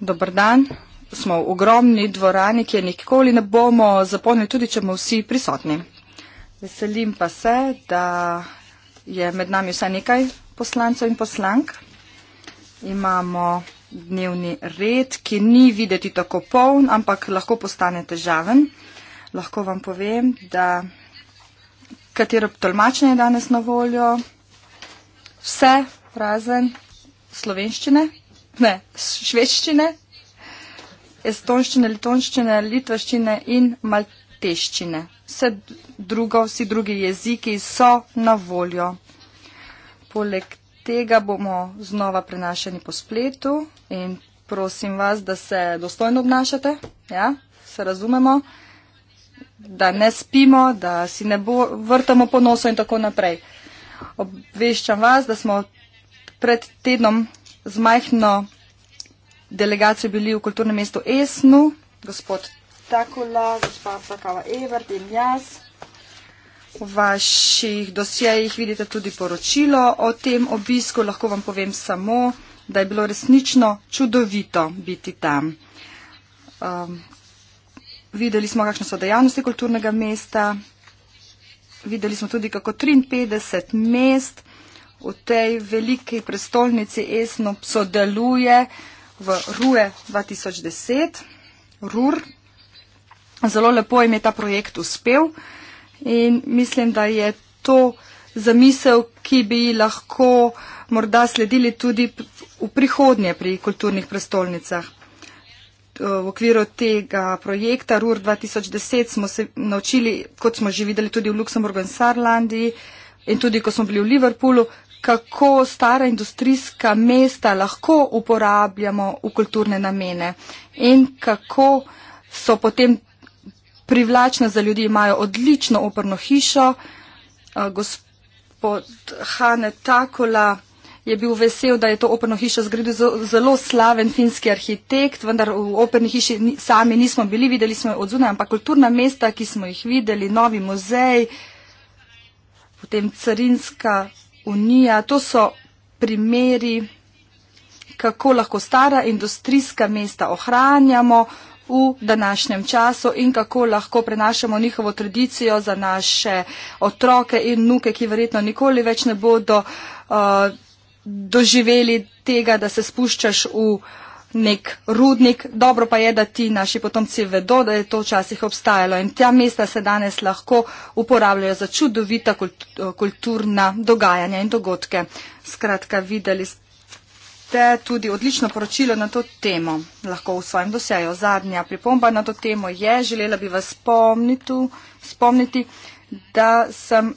Dobr dan, smo v ogromni dvorani, ki je nikoli ne bomo zapolnili, tudi če smo vsi prisotni. Veselim pa se, da je med nami vsaj nekaj poslancev in poslank. Imamo dnevni red, ki ni videti tako poln, ampak lahko postane težaven. Lahko vam povem, da katero tolmačenje je danes na voljo, vse razen slovenščine, ne, švedščine, estonščine, litonščine, litvaščine in malteščine. Vse drugo, vsi drugi jeziki so na voljo. Poleg tega bomo znova prenašani po spletu in prosim vas, da se dostojno obnašate, ja, se razumemo, da ne spimo, da si ne bo, vrtamo po nosu in tako naprej. Obveščam vas, da smo pred tednom z majhno delegacijo bili v kulturnem mestu Esnu, gospod Takula, gospa Sakava Evert in jaz. V vaših dosjejih vidite tudi poročilo o tem obisku, lahko vam povem samo, da je bilo resnično čudovito biti tam. Um, videli smo, kakšne so dejavnosti kulturnega mesta, videli smo tudi, kako 53 mest v tej veliki prestolnici Esno sodeluje v RUE 2010, RUR. Zelo lepo jim je ta projekt uspel in mislim, da je to zamisel, ki bi lahko morda sledili tudi v prihodnje pri kulturnih prestolnicah. V okviru tega projekta RUR 2010 smo se naučili, kot smo že videli tudi v Luksemburgu in Sarlandiji in tudi, ko smo bili v Liverpoolu, kako stara industrijska mesta lahko uporabljamo v kulturne namene in kako so potem privlačna za ljudi, imajo odlično oporno hišo. Eh, gospod Hane Takola je bil vesel, da je to operno hišo zgradil zelo slaven finski arhitekt, vendar v operni hiši sami nismo bili, videli smo jo od zunaj, ampak kulturna mesta, ki smo jih videli, novi muzej, potem carinska unija. To so primeri, kako lahko stara industrijska mesta ohranjamo v današnjem času in kako lahko prenašamo njihovo tradicijo za naše otroke in nuke, ki verjetno nikoli več ne bodo uh, doživeli tega, da se spuščaš v uh, nek rudnik. Dobro pa je, da ti naši potomci vedo, da je to včasih obstajalo in ta mesta se danes lahko uporabljajo za čudovita kulturna dogajanja in dogodke. Skratka, videli ste tudi odlično poročilo na to temo, lahko v svojem dosjaju. Zadnja pripomba na to temo je, želela bi vas spomniti, spomniti da sem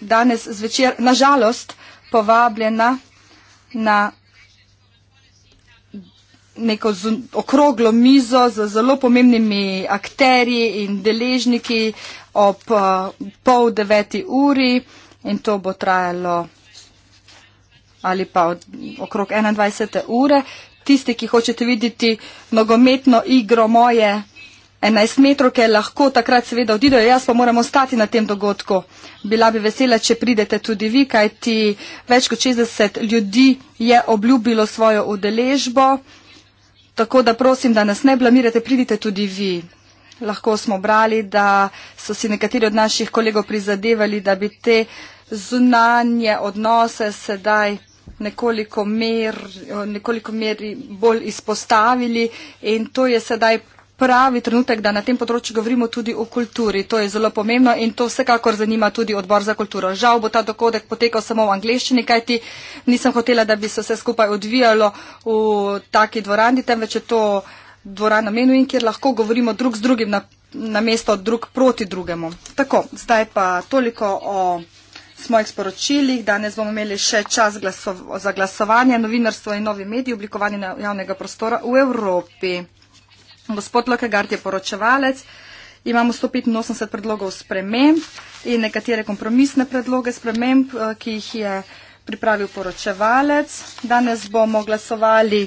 danes zvečer, nažalost, povabljena na neko okroglo mizo z zelo pomembnimi akterji in deležniki ob uh, pol deveti uri in to bo trajalo ali pa od, okrog 21. ure. Tisti, ki hočete videti nogometno igro moje 11 metrov, ki lahko takrat seveda odidejo, jaz pa moram ostati na tem dogodku. Bila bi vesela, če pridete tudi vi, kajti več kot 60 ljudi je obljubilo svojo udeležbo. Tako da prosim, da nas ne blamirate, pridite tudi vi. Lahko smo brali, da so si nekateri od naših kolegov prizadevali, da bi te zunanje odnose sedaj nekoliko, mer, nekoliko meri bolj izpostavili in to je sedaj pravi trenutek, da na tem področju govorimo tudi o kulturi. To je zelo pomembno in to vsekakor zanima tudi odbor za kulturo. Žal bo ta dogodek potekal samo v angleščini, kajti nisem hotela, da bi se vse skupaj odvijalo v taki dvorani, temveč je to dvorana menu in kjer lahko govorimo drug z drugim na, na mesto drug proti drugemu. Tako, zdaj pa toliko o svojih sporočilih. Danes bomo imeli še čas glaso za glasovanje, novinarstvo in novi mediji, oblikovanje javnega prostora v Evropi. Gospod Lokegard je poročevalec, imamo 185 predlogov sprememb in nekatere kompromisne predloge sprememb, eh, ki jih je pripravil poročevalec. Danes bomo glasovali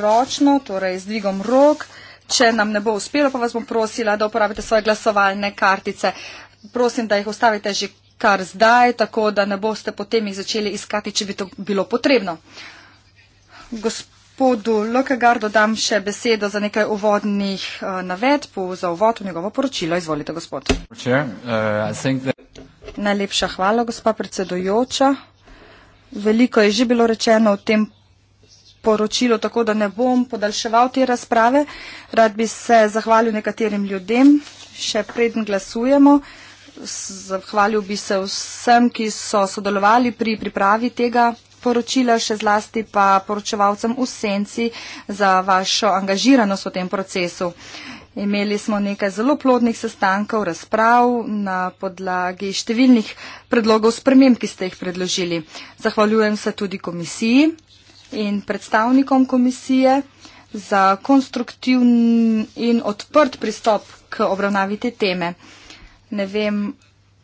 ročno, torej z dvigom rok. Če nam ne bo uspelo, pa vas bom prosila, da uporabite svoje glasovalne kartice. Prosim, da jih ostavite že kar zdaj, tako da ne boste potem jih začeli iskati, če bi to bilo potrebno. Gospod gospodu Lokegar dodam še besedo za nekaj uvodnih eh, navedb za uvod v njegovo poročilo. Izvolite, gospod. Uh, Najlepša hvala, gospa predsedojoča. Veliko je že bilo rečeno v tem poročilu, tako da ne bom podaljševal te razprave. Rad bi se zahvalil nekaterim ljudem, še preden glasujemo. Zahvalil bi se vsem, ki so sodelovali pri pripravi tega sporočila, še zlasti pa poročevalcem v senci za vašo angažiranost v tem procesu. Imeli smo nekaj zelo plodnih sestankov, razprav na podlagi številnih predlogov sprememb, ki ste jih predložili. Zahvaljujem se tudi komisiji in predstavnikom komisije za konstruktivn in odprt pristop k obravnavi te teme. Ne vem,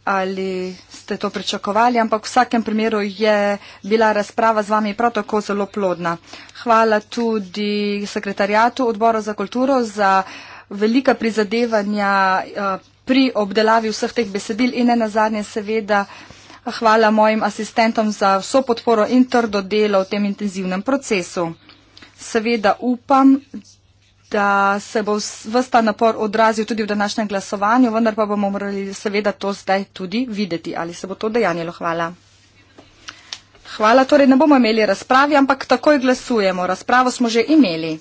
ali ste to pričakovali, ampak v vsakem primeru je bila razprava z vami prav tako zelo plodna. Hvala tudi sekretarjatu odbora za kulturo za velika prizadevanja eh, pri obdelavi vseh teh besedil in ne nazadnje seveda hvala mojim asistentom za vso podporo in trdo delo v tem intenzivnem procesu. Seveda upam, da se bo vsta napor odrazil tudi v današnjem glasovanju, vendar pa bomo morali seveda to zdaj tudi videti, ali se bo to dejanjilo. Hvala. Hvala. Torej ne bomo imeli razpravi, ampak takoj glasujemo. Razpravo smo že imeli.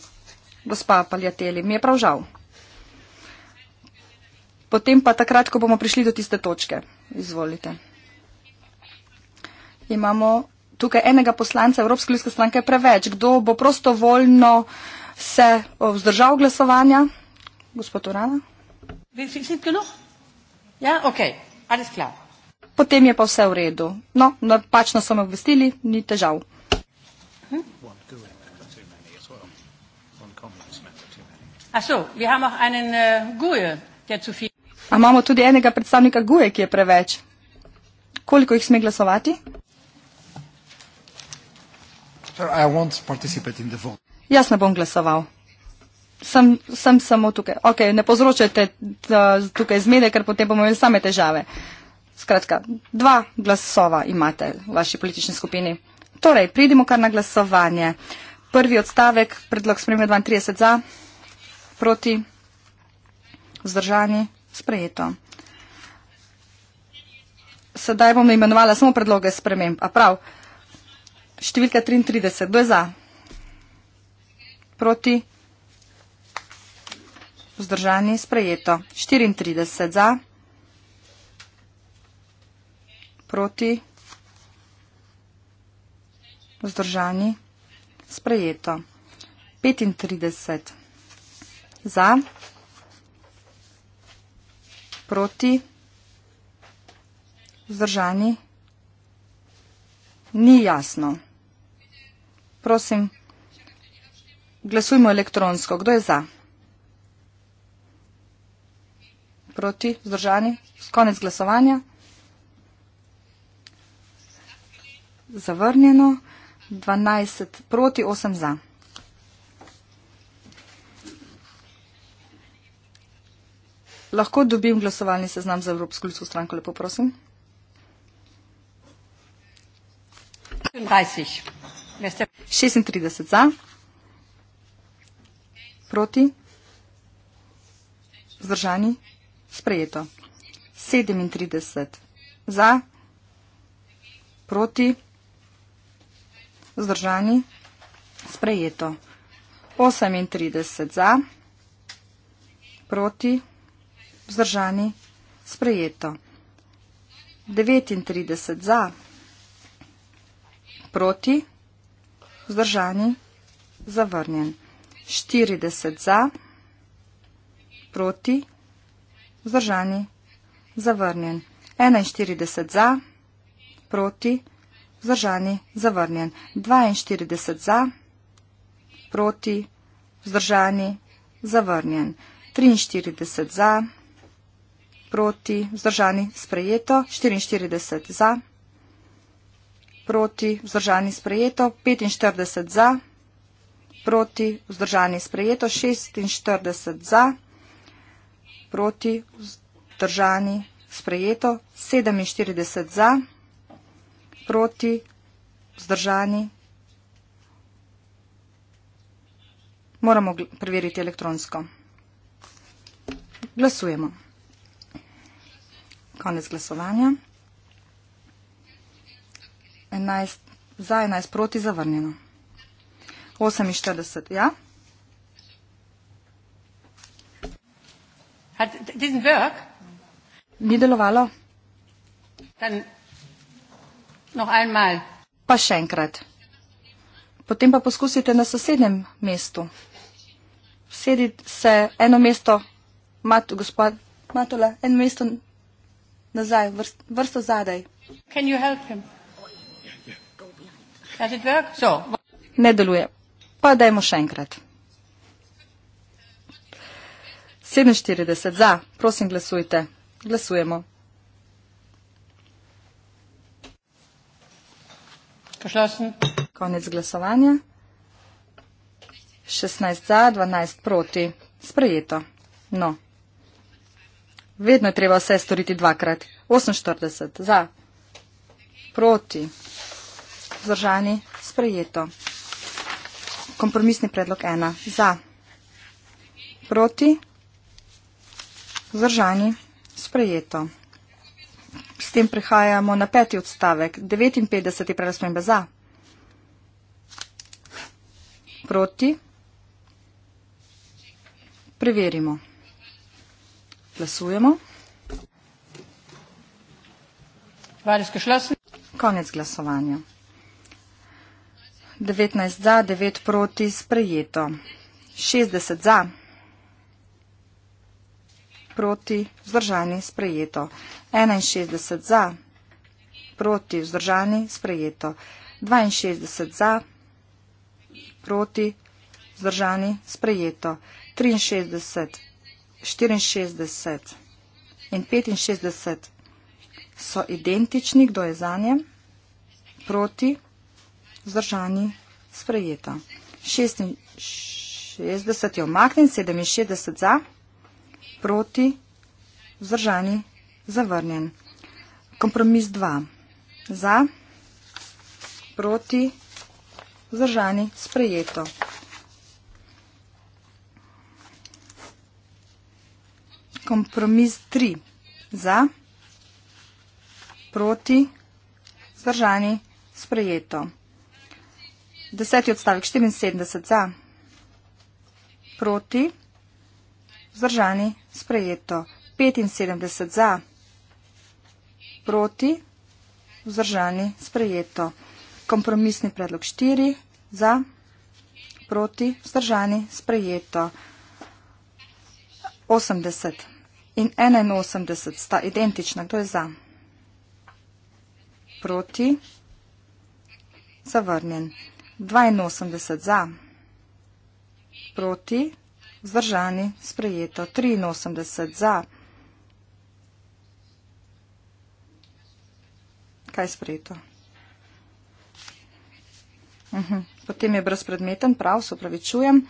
Gospa Paljateli, mi je prav žal. Potem pa takrat, ko bomo prišli do tiste točke. Izvolite. Imamo tukaj enega poslanca Evropske ljudske stranke preveč. Kdo bo prostovoljno. voljno? se bo vzdržal glasovanja. Gospod Urana. Ja, okay. Potem je pa vse v redu. No, napačno so me obvestili, ni težav. Hm? Äh, A imamo tudi enega predstavnika guje, ki je preveč. Koliko jih sme glasovati? Sir, Jaz ne bom glasoval. Sem, sem samo tukaj. Ok, ne povzročajte tukaj zmede, ker potem bomo imeli same težave. Skratka, dva glasova imate v vaši politični skupini. Torej, pridimo kar na glasovanje. Prvi odstavek, predlog spremembe 32 za, proti, vzdržani, sprejeto. Sedaj bom imenovala samo predloge sprememb. A prav, številka 33, kdo je za? proti. Vzdržani sprejeto. 34 za. Proti. Vzdržani sprejeto. 35 za. Proti. Vzdržani. Ni jasno. Prosim. Glasujmo elektronsko. Kdo je za? Proti? Zdržani? Konec glasovanja? Zavrnjeno. 12 proti, 8 za. Lahko dobim glasovalni seznam za Evropsko ljudsko stranko, lepo prosim. 36 za proti, vzdržani, sprejeto. 37 za, proti, vzdržani, sprejeto. 38 za, proti, vzdržani, sprejeto. 39 za, proti, vzdržani, zavrnjen. 40 za, proti, vzdržani, zavrnjen. 41 za, proti, vzdržani, zavrnjen. 42 za, proti, vzdržani, zavrnjen. 43 za, proti, vzdržani, sprejeto. 44 za, proti, vzdržani, sprejeto. 45 za, proti, vzdržani, sprejeto proti, vzdržani sprejeto, 46 za, proti, vzdržani sprejeto, 47 za, proti, vzdržani. Moramo preveriti elektronsko. Glasujemo. Konec glasovanja. Za 11 proti zavrnjeno. 48, ja? Didn't work. Ni delovalo? Dan, no einmal. Pa še enkrat. Potem pa poskusite na sosednjem mestu. Sedi se eno mesto, mat, gospod Matula, eno mesto nazaj, vrst, vrsto zadaj. Can you help him? Oh, yeah, yeah. Does it work? So, ne deluje. Pa dajmo še enkrat. 47 za, prosim glasujte. Glasujemo. Kašlašen. Konec glasovanja. 16 za, 12 proti. Sprejeto. No. Vedno je treba vse storiti dvakrat. 48 za, proti. Zdržani. Sprejeto kompromisni predlog ena. Za, proti, zdržani, sprejeto. S tem prihajamo na peti odstavek. 59. prerasmembe za, proti, preverimo. Glasujemo. Konec glasovanja. 19 za, 9 proti, sprejeto. 60 za, proti, vzdržani, sprejeto. 61 za, proti, vzdržani, sprejeto. 62 za, proti, vzdržani, sprejeto. 63, 64 in 65 so identični, kdo je za njem, proti, vzdržani vzdržani, sprejeta. 66 je omaknen, 67 za, proti, vzdržani, zavrnjen. Kompromis 2. Za, proti, vzdržani, sprejeto. Kompromis 3. Za, proti, vzdržani, sprejeto. Deseti odstavek 74 za, proti, vzdržani, sprejeto. 75 za, proti, vzdržani, sprejeto. Kompromisni predlog 4 za, proti, vzdržani, sprejeto. 80 in 81 sta identična, kdo je za? Proti, zavrnjen. 82 za, proti, vzdržani, sprejeto, 83 za. Kaj je sprejeto? Mhm. Potem je brezpredmeten, prav, se upravičujem.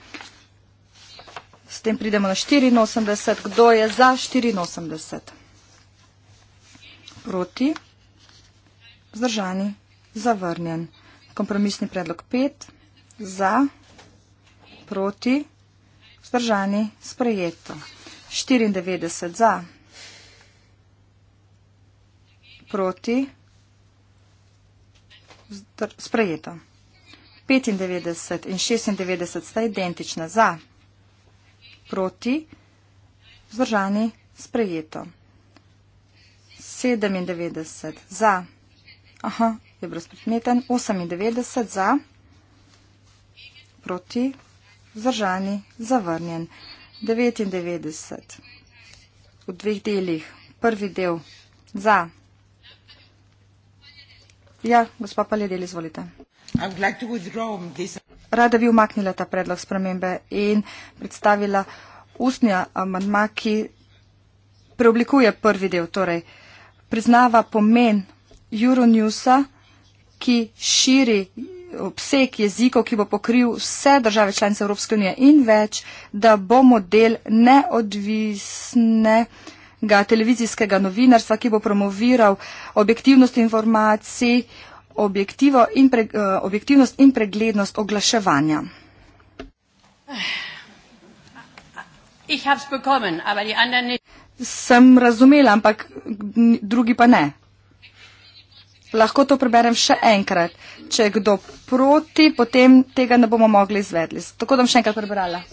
S tem pridemo na 84. Kdo je za 84? Proti, vzdržani, zavrnjen. Kompromisni predlog 5. Za, proti, vzdržani, sprejeto. 94 za, proti, sprejeto. 95 in 96 sta identična za, proti, vzdržani, sprejeto. 97 za, aha, je brezpredmeten. 98 za, proti, vzdržani, zavrnjen. 99 v dveh delih, prvi del za. Ja, gospod Paljedel, izvolite. Rada bi umaknila ta predlog spremembe in predstavila ustnja amadma, ki preoblikuje prvi del, torej priznava pomen Euronewsa ki širi obseg jezikov, ki bo pokril vse države članice Evropske unije in več, da bo model neodvisnega televizijskega novinarstva, ki bo promoviral objektivnost informacij, in pre, eh, objektivnost in preglednost oglaševanja. Sem razumela, ampak drugi pa ne. Lahko to preberem še enkrat. Če je kdo proti, potem tega ne bomo mogli izvedli. Tako da bom še enkrat prebrala.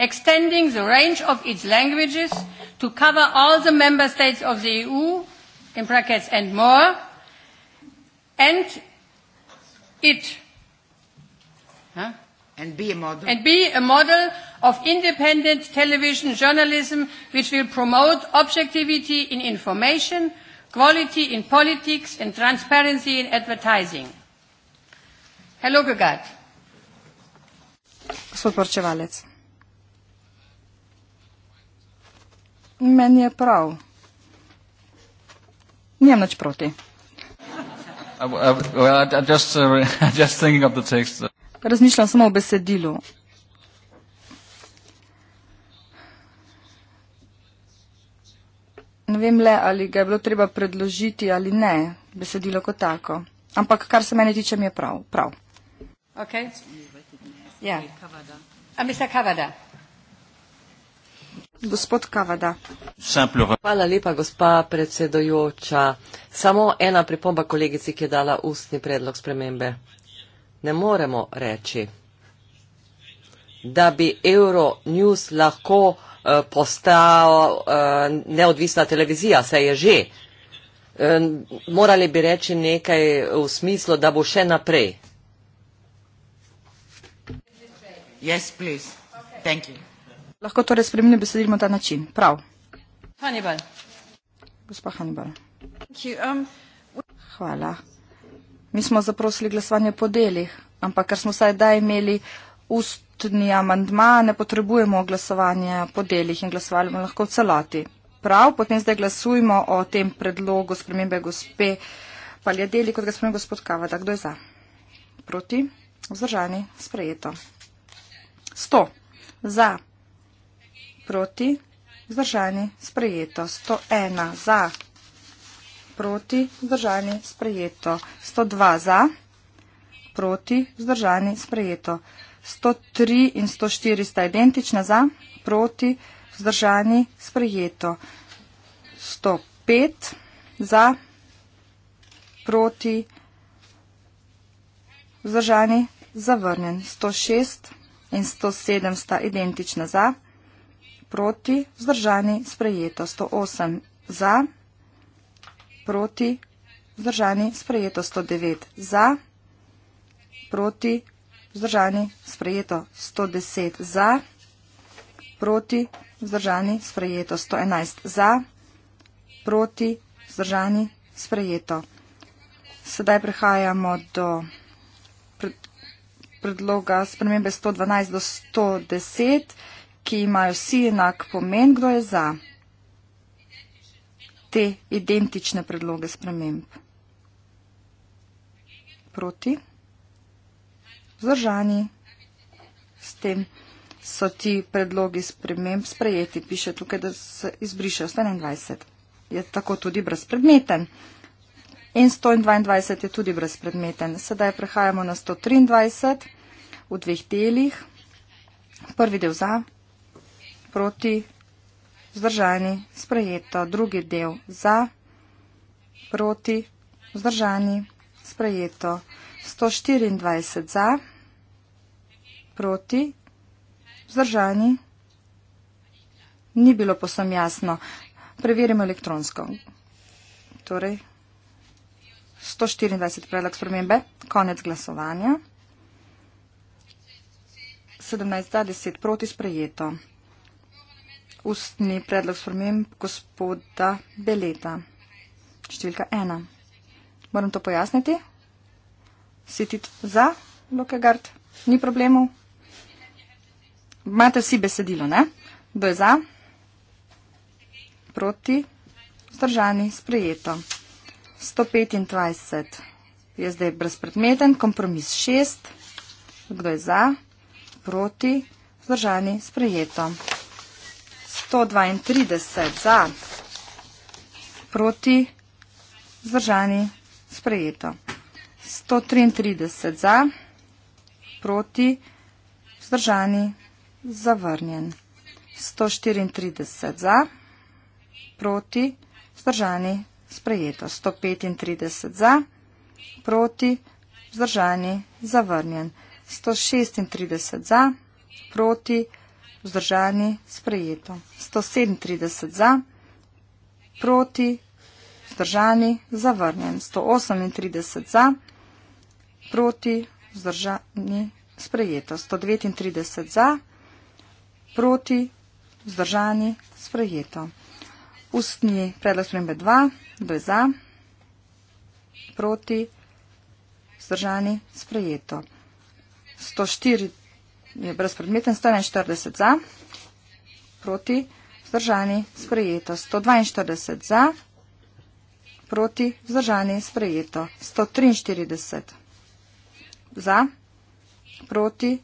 Extending the range of its languages to cover all the member states of the EU, in brackets and more, and it, huh? and, be a model. and be a model of independent television journalism which will promote objectivity in information, quality in politics and transparency in advertising. Hello, Gugat. Gospod Porčevalec. Meni je prav. Nijem nič proti. Uh, Razmišljam samo o besedilu. ne vem le, ali ga je bilo treba predložiti ali ne, besedilo kot tako. Ampak kar se mene tiče, mi je prav. prav. Okay. Ja. A mi se kavada? Gospod Kavada. Hvala lepa, gospa predsedojoča. Samo ena pripomba kolegici, ki je dala ustni predlog spremembe. Ne moremo reči da bi Euronews lahko eh, postal eh, neodvisna televizija, saj je že. Eh, morali bi reči nekaj v smislu, da bo še naprej. Yes, please. Thank you. Lahko torej spremljeno besedimo ta način. Prav. Hannibal. Gospa Hannibal. Thank you. Um, Hvala. Mi smo zaprosili glasovanje po delih, ampak ker smo saj daj imeli uh, ustni amandma, ne potrebujemo glasovanja po delih in glasovali bomo lahko v celoti. Prav, potem zdaj glasujmo o tem predlogu spremembe gospe Paljadeli, kot ga spremembe gospod Kavada. Kdo je za? Proti? Vzdržani? Sprejeto. 100. Za. Proti? Vzdržani? Sprejeto. 101. Za. Proti? Vzdržani? Sprejeto. 102. Za. Proti? Vzdržani? Sprejeto. 103 in 104 sta identična za, proti, vzdržani, sprejeto. 105 za, proti, vzdržani, zavrnjen. 106 in 107 sta identična za, proti, vzdržani, sprejeto. 108 za, proti, vzdržani, sprejeto. 109 za, proti, vzdržani vzdržani, sprejeto 110 za, proti, vzdržani, sprejeto 111 za, proti, vzdržani, sprejeto. Sedaj prehajamo do predloga spremembe 112 do 110, ki imajo vsi enak pomen, kdo je za te identične predloge sprememb. Proti vzdržani. S tem so ti predlogi sprememb sprejeti. Piše tukaj, da se izbriše 21. Je tako tudi brezpredmeten. In 122 je tudi brezpredmeten. Sedaj prehajamo na 123 v dveh delih. Prvi del za, proti, vzdržani, sprejeto. Drugi del za, proti, vzdržani, sprejeto. 124 za, proti, vzdržani. Ni bilo posem jasno. Preverimo elektronsko. Torej, 124 predlog spremembe, konec glasovanja. 17 za, 10 proti sprejeto. Ustni predlog sprememb gospoda Beleta. Številka 1. Moram to pojasniti? si ti za Lokegard? Ni problemov? Imate vsi besedilo, ne? Kdo je za? Proti? Zdržani, sprejeto. 125 je zdaj brezpredmeten, kompromis 6. Kdo je za? Proti? Zdržani, sprejeto. 132 za? Proti? Zdržani, sprejeto. 133 za, proti, vzdržani, zavrnjen. 134 za, proti, vzdržani, sprejeto. 135 za, proti, vzdržani, zavrnjen. 136 za, proti, vzdržani, sprejeto. 137 za, proti, vzdržani, zavrnjen. 138 za, proti, vzdržani, zavrnjen proti, vzdržani, sprejeto. 139 za, proti, vzdržani, sprejeto. Ustni predlog spremembe 2, 2 za, proti, vzdržani, sprejeto. 104 je brezpredmeten, 141 za, proti, vzdržani, sprejeto. 142 za, proti, vzdržani, sprejeto. 143. Za. Proti.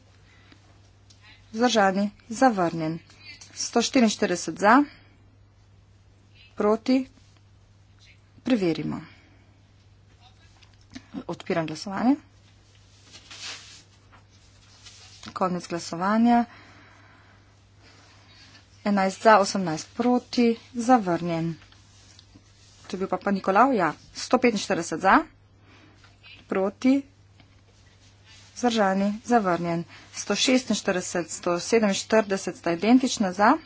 Zdržani. Zavrnjen. 144 za. Proti. Preverimo. Odpiram glasovanje. Konec glasovanja. 11 za, 18 proti, zavrnjen. To je bil pa pa Nikolav, ja. 145 za, proti, vzdržani, zavrnjen. 146, 147 sta identična za,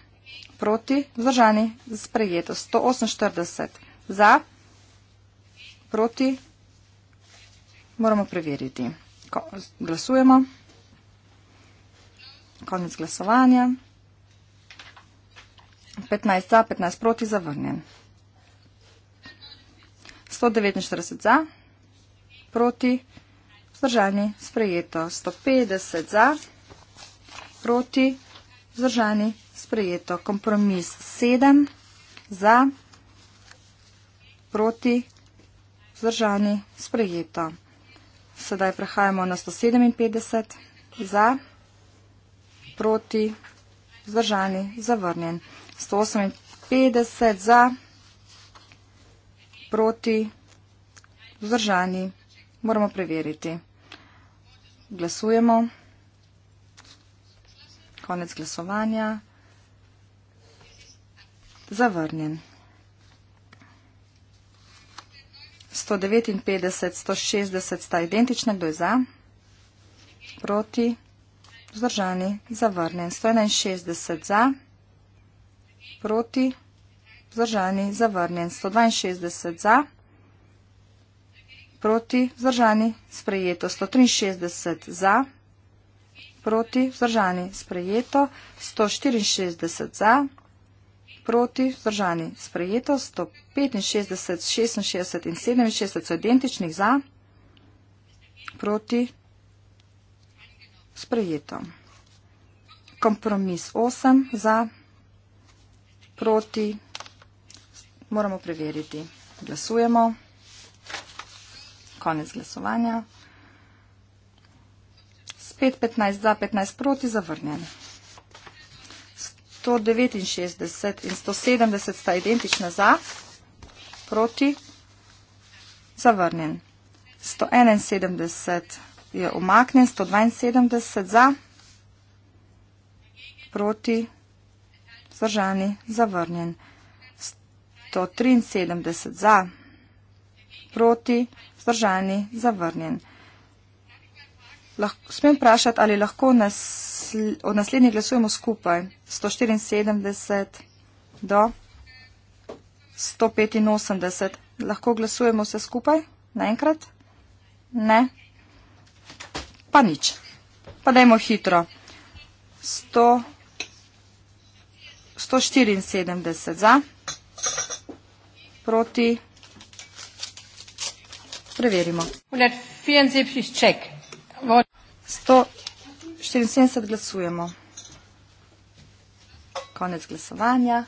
proti, vzdržani, sprejeto. 148 za, proti, moramo preveriti. Ko, glasujemo. Konec glasovanja. 15 za, 15 proti, zavrnjen. 149 za, proti, Zdržani, sprejeto. 150 za, proti, zdržani, sprejeto. Kompromis 7 za, proti, zdržani, sprejeto. Sedaj prehajamo na 157 za, proti, zdržani, zavrnjen. 158 za, proti, zdržani, moramo preveriti. Glasujemo. Konec glasovanja. Zavrnjen. 159, 160 sta identična, kdo je za? Proti. Vzdržani. Zavrnjen. 161 za. Proti. Vzdržani. Zavrnjen. 162 za proti vzdržani, sprejeto 163 za, proti vzdržani, sprejeto 164 za, proti vzdržani, sprejeto 165, 66 in 67 so identičnih za, proti sprejeto. Kompromis 8 za, proti, moramo preveriti, glasujemo. Konec glasovanja. Spet 15 za, 15 proti, zavrnjen. 169 in 170 sta identična za, proti, zavrnjen. 171 je omaknjen, 172 za, proti, zdržani, zavrnjen. 173 za, proti, vzdržani, zavrnjen. Lahko, smem vprašati, ali lahko nasl, od naslednjih glasujemo skupaj 174 do 185. Lahko glasujemo vse skupaj naenkrat? Ne? Pa nič. Pa dajmo hitro. 100, 174 za, proti preverimo. 174 glasujemo. Konec glasovanja.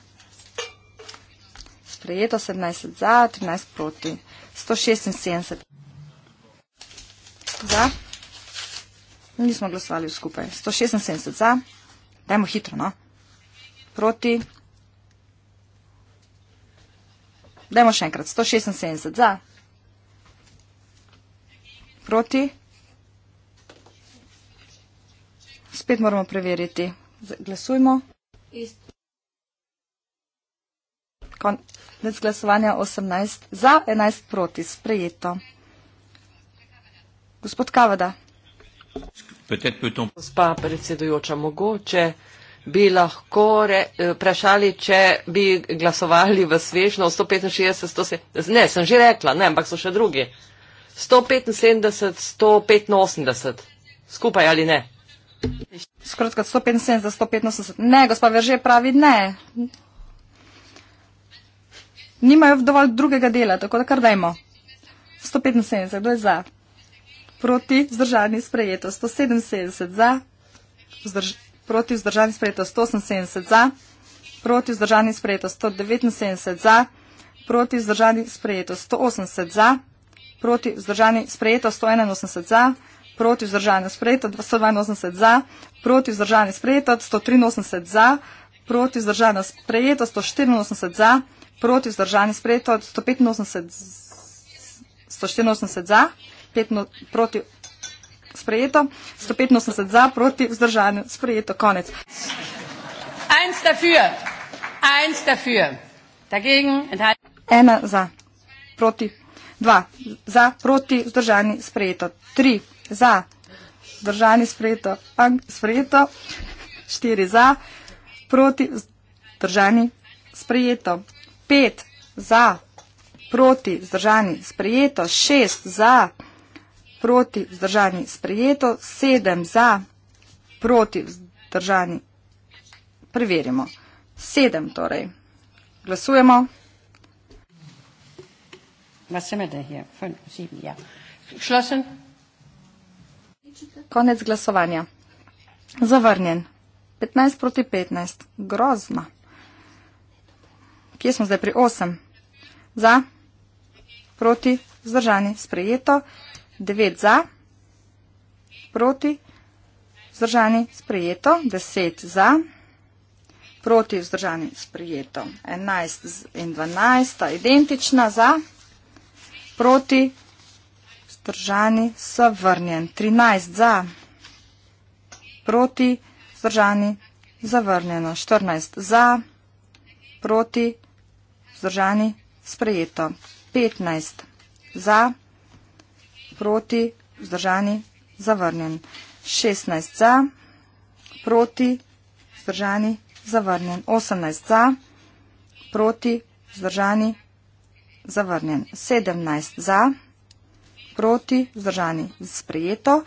Sprejeto 17 za, 13 proti. 176 za. Nismo glasovali skupaj. 176 za. Dajmo hitro, no. Proti. Dajmo še enkrat. 176 za proti. Spet moramo preveriti. Glasujmo. Konec glasovanja 18 za, 11 proti. Sprejeto. Gospod Kavada. Gospa predsedujoča, mogoče bi lahko eh, vprašali, če bi glasovali v svežno 165, 170, ne, sem že rekla, ne, ampak so še drugi. 175, 185, skupaj ali ne? Skratka, 175, 185. Ne, gospa Verže pravi ne. Nimajo dovolj drugega dela, tako da kar dajmo. 175, kdo je za? Proti vzdržani sprejeto. 177 za, vzdrž, proti vzdržani sprejeto. 178 za, proti vzdržani sprejeto. 179 za, proti vzdržani sprejeto. 180 za proti vzdržani sprejeto 181 za, proti vzdržani sprejeto 282 za, proti vzdržani sprejeto 183 za, proti vzdržani sprejeto 184 za, proti vzdržani sprejeto 185 184 za, proti sprejeto 185 za, proti vzdržani sprejeto konec. Eins dafür. Eins dafür. Dagegen enthalten. Ena za. Proti. 2. Za, proti, vzdržani, sprejeto. 3. Za, vzdržani, sprejeto, pang, sprejeto. 4. Za, proti, vzdržani, sprejeto. 5. Za, proti, vzdržani, sprejeto. 6. Za, proti, vzdržani, sprejeto. 7. Za, proti, vzdržani. Preverimo. 7. Torej. Glasujemo. Was sind wir denn hier? Fünf, sieben, ja. Geschlossen? Koniec glasovanja. Zavrnjen. 15 proti 15. Grozno. Kje smo zdaj pri 8? Za, proti, zdržani, sprejeto. 9 za, proti, zdržani, sprejeto. 10 za, proti, zdržani, sprejeto. 11 in 12, identična za proti, zdržani, zavrnjen. 13 za, proti, zdržani, zavrnjeno. 14 za, proti, zdržani, sprejeto. 15 za, proti, zdržani, zavrnjen. 16 za, proti, zdržani, zavrnjen. 18 za, proti, zdržani, zavrnjen zavrnjen. 17 za, proti, vzdržani, sprejeto.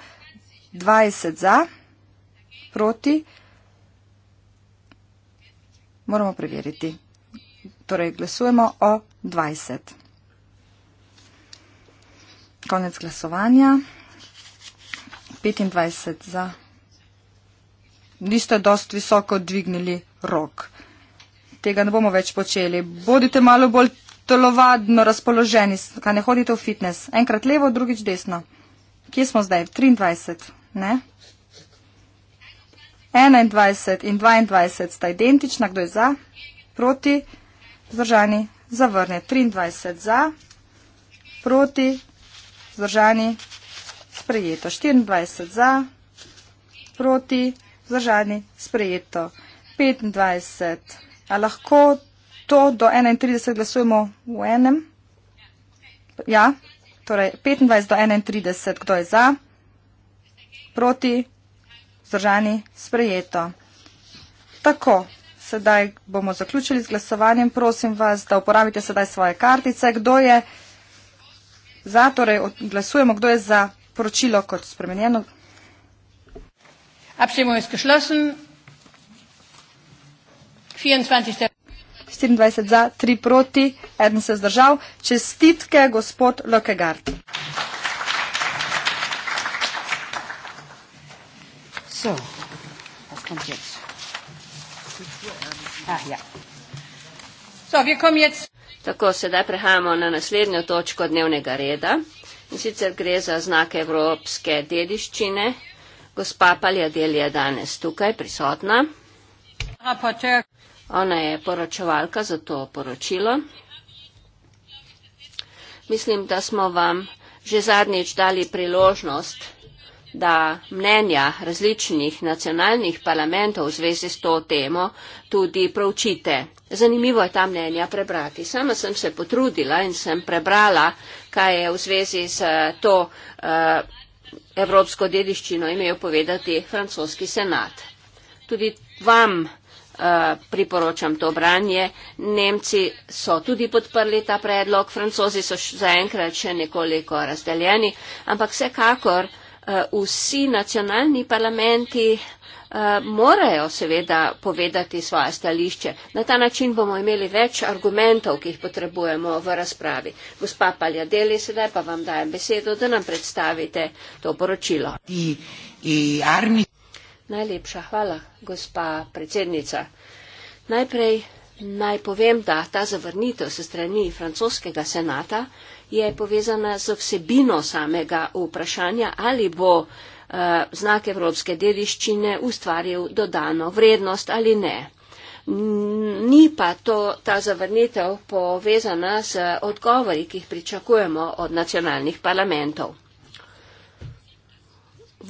20 za, proti, moramo preveriti. Torej, glasujemo o 20. Konec glasovanja. 25 za. Niste dost visoko dvignili rok. Tega ne bomo več počeli. Bodite malo bolj telovadno razpoloženi, kaj ne hodite v fitness. Enkrat levo, drugič desno. Kje smo zdaj? 23, ne? 21 in 22 sta identična, kdo je za, proti, zdržani, zavrne. 23 za, proti, zdržani, sprejeto. 24 za, proti, zdržani, sprejeto. 25, a lahko to do 31 glasujemo v enem. Ja, torej 25 do 31, kdo je za, proti, zdržani, sprejeto. Tako, sedaj bomo zaključili z glasovanjem. Prosim vas, da uporabite sedaj svoje kartice. Kdo je za, torej glasujemo, kdo je za poročilo kot spremenjeno. Abstimmung ist geschlossen. 24. 24 za, 3 proti, eden se zdržal. Čestitke, gospod Lokegard. So, ah, ja. Tako, sedaj prehajamo na naslednjo točko dnevnega reda in sicer gre za znake evropske dediščine. Gospa Paljadel je danes tukaj prisotna. Ona je poročevalka za to poročilo. Mislim, da smo vam že zadnjič dali priložnost, da mnenja različnih nacionalnih parlamentov v zvezi s to temo tudi proučite. Zanimivo je ta mnenja prebrati. Sama sem se potrudila in sem prebrala, kaj je v zvezi s to uh, evropsko dediščino imel povedati francoski senat. Tudi vam Eh, priporočam to branje. Nemci so tudi podprli ta predlog, francozi so zaenkrat še nekoliko razdeljeni, ampak vsekakor eh, vsi nacionalni parlamenti eh, morajo seveda povedati svoje stališče. Na ta način bomo imeli več argumentov, ki jih potrebujemo v razpravi. Gospa Paljadeli, sedaj pa vam dajem besedo, da nam predstavite to poročilo. Di, i, Najlepša hvala, gospa predsednica. Najprej naj povem, da ta zavrnitev se strani francoskega senata je povezana z vsebino samega vprašanja, ali bo eh, znak evropske dediščine ustvaril dodano vrednost ali ne. Ni pa to, ta zavrnitev povezana z odgovori, ki jih pričakujemo od nacionalnih parlamentov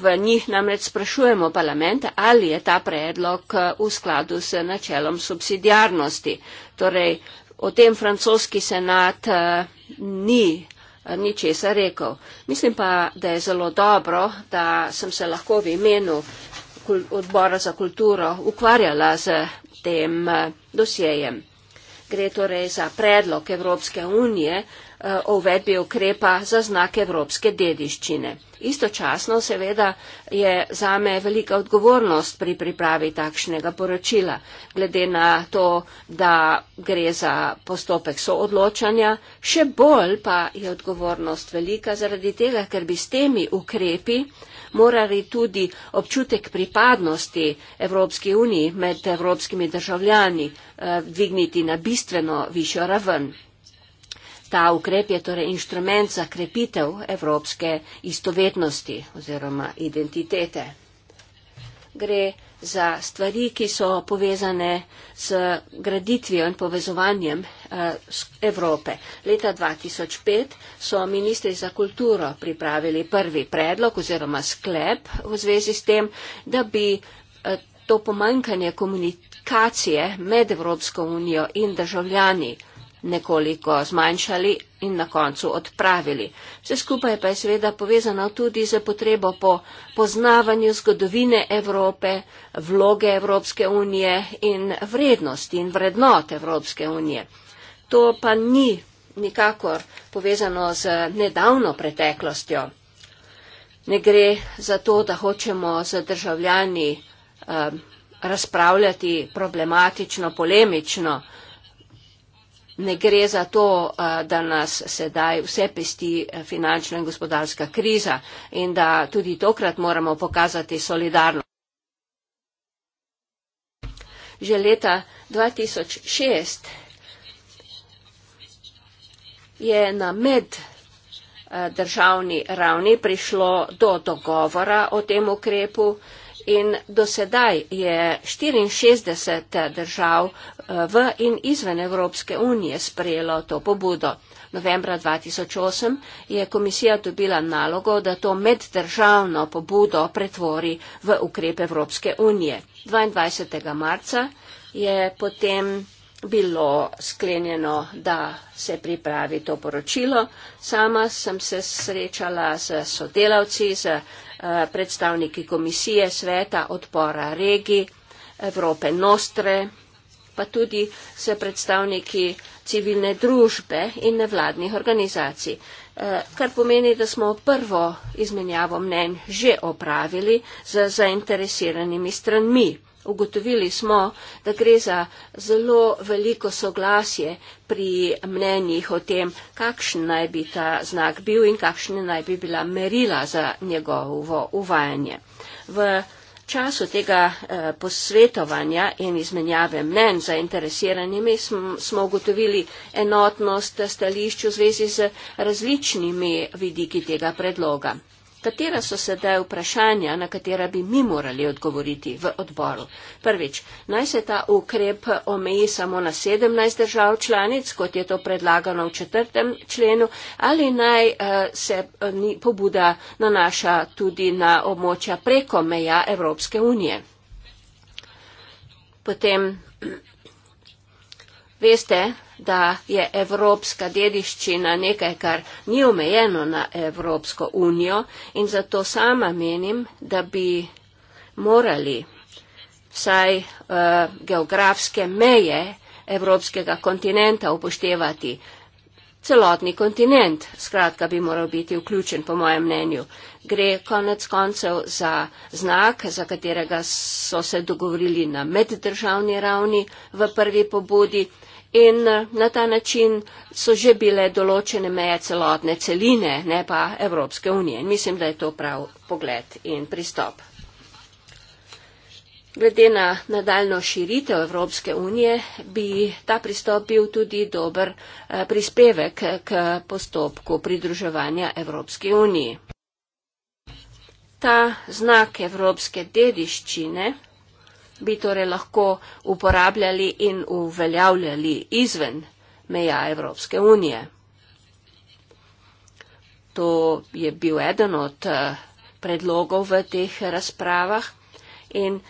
v njih namreč sprašujemo parlament, ali je ta predlog eh, v skladu s načelom subsidiarnosti. Torej, o tem francoski senat eh, ni eh, ničesa rekel. Mislim pa, da je zelo dobro, da sem se lahko v imenu odbora za kulturo ukvarjala z tem dosjejem. Gre torej za predlog Evropske unije, Eh, o uvedbi ukrepa za znak evropske dediščine. Istočasno seveda je zame velika odgovornost pri pripravi takšnega poročila, glede na to, da gre za postopek soodločanja, še bolj pa je odgovornost velika zaradi tega, ker bi s temi ukrepi morali tudi občutek pripadnosti Evropski uniji med evropskimi državljani eh, dvigniti na bistveno višjo raven ta ukrep je torej inštrument za krepitev evropske istovetnosti oziroma identitete. Gre za stvari, ki so povezane z graditvijo in povezovanjem eh, Evrope. Leta 2005 so ministri za kulturo pripravili prvi predlog oziroma sklep v zvezi s tem, da bi eh, to pomankanje komunikacije med Evropsko unijo in državljani nekoliko zmanjšali in na koncu odpravili. Vse skupaj pa je seveda povezano tudi z potrebo po poznavanju zgodovine Evrope, vloge Evropske unije in vrednosti in vrednot Evropske unije. To pa ni nikakor povezano z nedavno preteklostjo. Ne gre za to, da hočemo z državljani eh, razpravljati problematično, polemično, eh, ne gre za to, eh, da nas sedaj vse pesti eh, finančna in gospodarska kriza in da tudi tokrat moramo pokazati solidarnost. Že leta 2006 je na med eh, državni ravni prišlo do dogovora o tem ukrepu. In dosedaj je 64 držav eh, v in izven Evropske unije sprejelo to pobudo. Novembra 2008 je komisija dobila nalogo, da to meddržavno pobudo pretvori v ukrep Evropske unije. 22. marca je potem bilo sklenjeno, da se pripravi to poročilo. Sama sem se srečala z sodelavci, z eh, predstavniki komisije sveta odpora regi Evrope Nostre, pa tudi s predstavniki civilne družbe in nevladnih organizacij. Eh, kar pomeni, da smo prvo izmenjavo mnen že opravili z zainteresiranimi stranmi. Ugotovili smo, da gre za zelo veliko soglasje pri mnenjih o tem, kakšen naj bi ta znak bil in kakšne naj bi bila merila za njegovo uvajanje. V času tega eh, posvetovanja in izmenjave mnen za interesiranimi smo ugotovili enotnost stališču v zvezi z različnimi vidiki tega predloga. Katera so sedaj vprašanja, na katera bi mi morali odgovoriti v odboru? Prvič, naj se ta ukrep omeji samo na 17 držav članic, kot je to predlagano v četrtem členu, ali naj eh, se eh, pobuda nanaša tudi na območja preko meja Evropske unije. Potem, veste, da je evropska dediščina nekaj, kar ni omejeno na Evropsko unijo in zato sama menim, da bi morali vsaj uh, geografske meje evropskega kontinenta upoštevati. Celotni kontinent, skratka, bi moral biti vključen, po mojem mnenju. Gre konec koncev za znak, za katerega so se dogovorili na meddržavni ravni v prvi pobudi in eh, na ta način so že bile določene meje celotne celine, ne pa Evropske unije. Mislim, da je to prav pogled in pristop. Glede na nadaljno širitev Evropske unije bi ta pristop bil tudi dober eh, prispevek k postopku pridruževanja Evropske unije. Ta znak evropske dediščine bi torej lahko uporabljali in uveljavljali izven meja Evropske unije. To je bil eden od eh, predlogov v teh razpravah in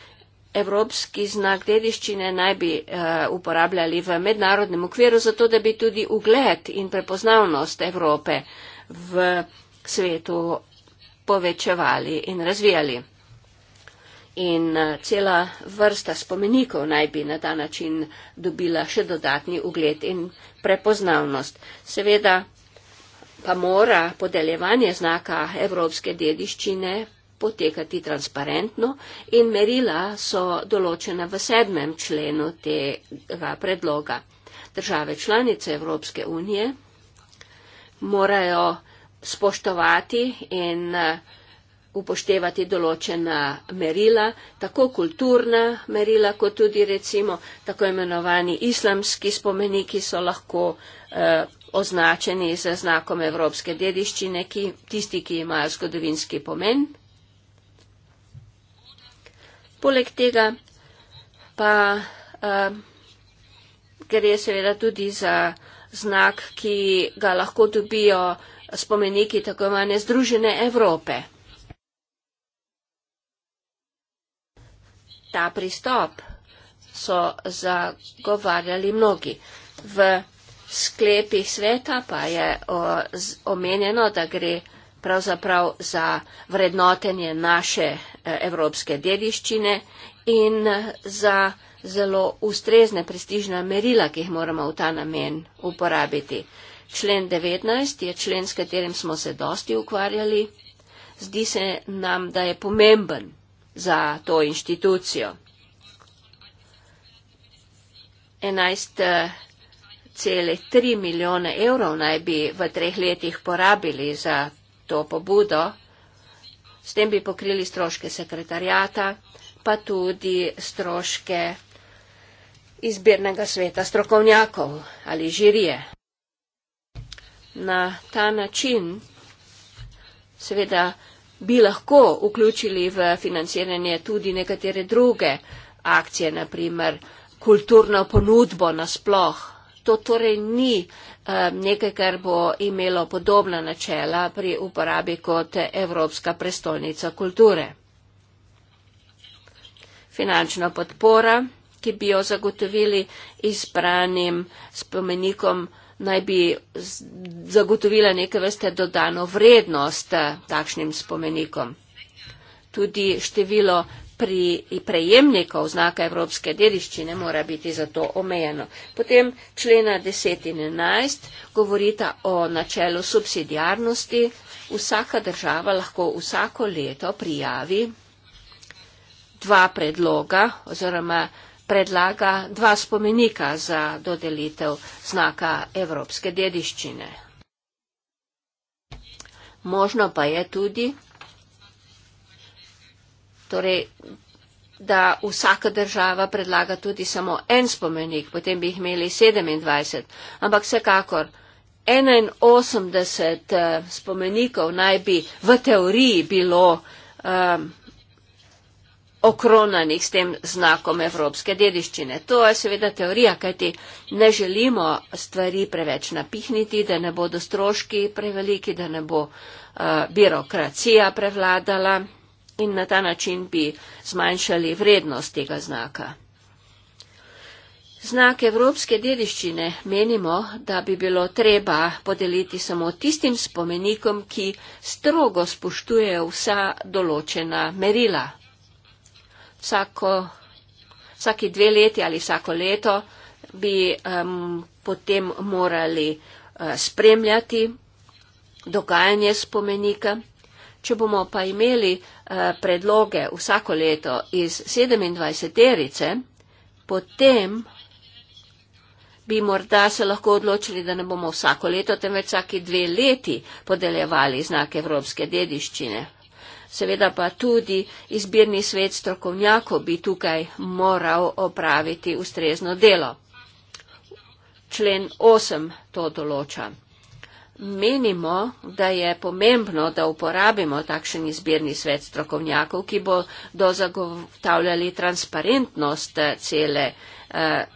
evropski znak dediščine naj bi eh, uporabljali v mednarodnem okviru, zato da bi tudi ugled in prepoznavnost Evrope v svetu povečevali in razvijali in eh, cela vrsta spomenikov naj bi na ta način dobila še dodatni ugled in prepoznavnost. Seveda pa mora podeljevanje znaka evropske dediščine potekati transparentno in merila so določena v sedmem členu tega predloga. Države članice Evropske unije morajo spoštovati in uh, upoštevati določena merila, tako kulturna merila, kot tudi recimo tako imenovani islamski spomeniki so lahko eh, označeni z znakom evropske dediščine, ki, tisti, ki imajo zgodovinski pomen. Poleg tega pa eh, gre seveda tudi za znak, ki ga lahko dobijo spomeniki tako imenovane Združene Evrope. ta pristop so zagovarjali mnogi. V sklepih sveta pa je omenjeno, da gre pravzaprav za vrednotenje naše e, evropske dediščine in za zelo ustrezne prestižna merila, ki jih moramo v ta namen uporabiti. Člen 19 je člen, s katerim smo se dosti ukvarjali. Zdi se nam, da je pomemben za to inštitucijo. 11,3 eh, milijone evrov naj bi v treh letih porabili za to pobudo, s tem bi pokrili stroške sekretarjata, pa tudi stroške izbirnega sveta strokovnjakov ali žirije. Na ta način seveda bi lahko vključili v financiranje tudi nekatere druge akcije, naprimer kulturno ponudbo nasploh. To torej ni eh, nekaj, kar bo imelo podobna načela pri uporabi kot Evropska prestolnica kulture. Finančna podpora, ki bi jo zagotovili izbranim spomenikom, naj bi zagotovila neke vrste dodano vrednost eh, takšnim spomenikom. Tudi število pri prejemnikov znaka evropske dediščine mora biti zato omejeno. Potem člena 10 in 11 govorita o načelu subsidiarnosti. Vsaka država lahko vsako leto prijavi dva predloga oziroma predlaga dva spomenika za dodelitev znaka evropske dediščine. Možno pa je tudi, torej, da vsaka država predlaga tudi samo en spomenik, potem bi jih imeli 27, ampak vsekakor 81 eh, spomenikov naj bi v teoriji bilo um, okronanih s tem znakom evropske dediščine. To je seveda teorija, kajti ne želimo stvari preveč napihniti, da ne bodo stroški preveliki, da ne bo uh, birokracija prevladala in na ta način bi zmanjšali vrednost tega znaka. Znak evropske dediščine menimo, da bi bilo treba podeliti samo tistim spomenikom, ki strogo spoštujejo vsa določena merila vsako, vsaki dve leti ali vsako leto bi um, potem morali uh, spremljati dogajanje spomenika. Če bomo pa imeli uh, predloge vsako leto iz 27 terice, potem bi morda se lahko odločili, da ne bomo vsako leto, temveč vsaki dve leti podeljevali znak evropske dediščine seveda pa tudi izbirni svet strokovnjakov bi tukaj moral opraviti ustrezno delo. Člen 8 to določa. Menimo, da je pomembno, da uporabimo takšen izbirni svet strokovnjakov, ki bo do zagotavljali transparentnost eh, celega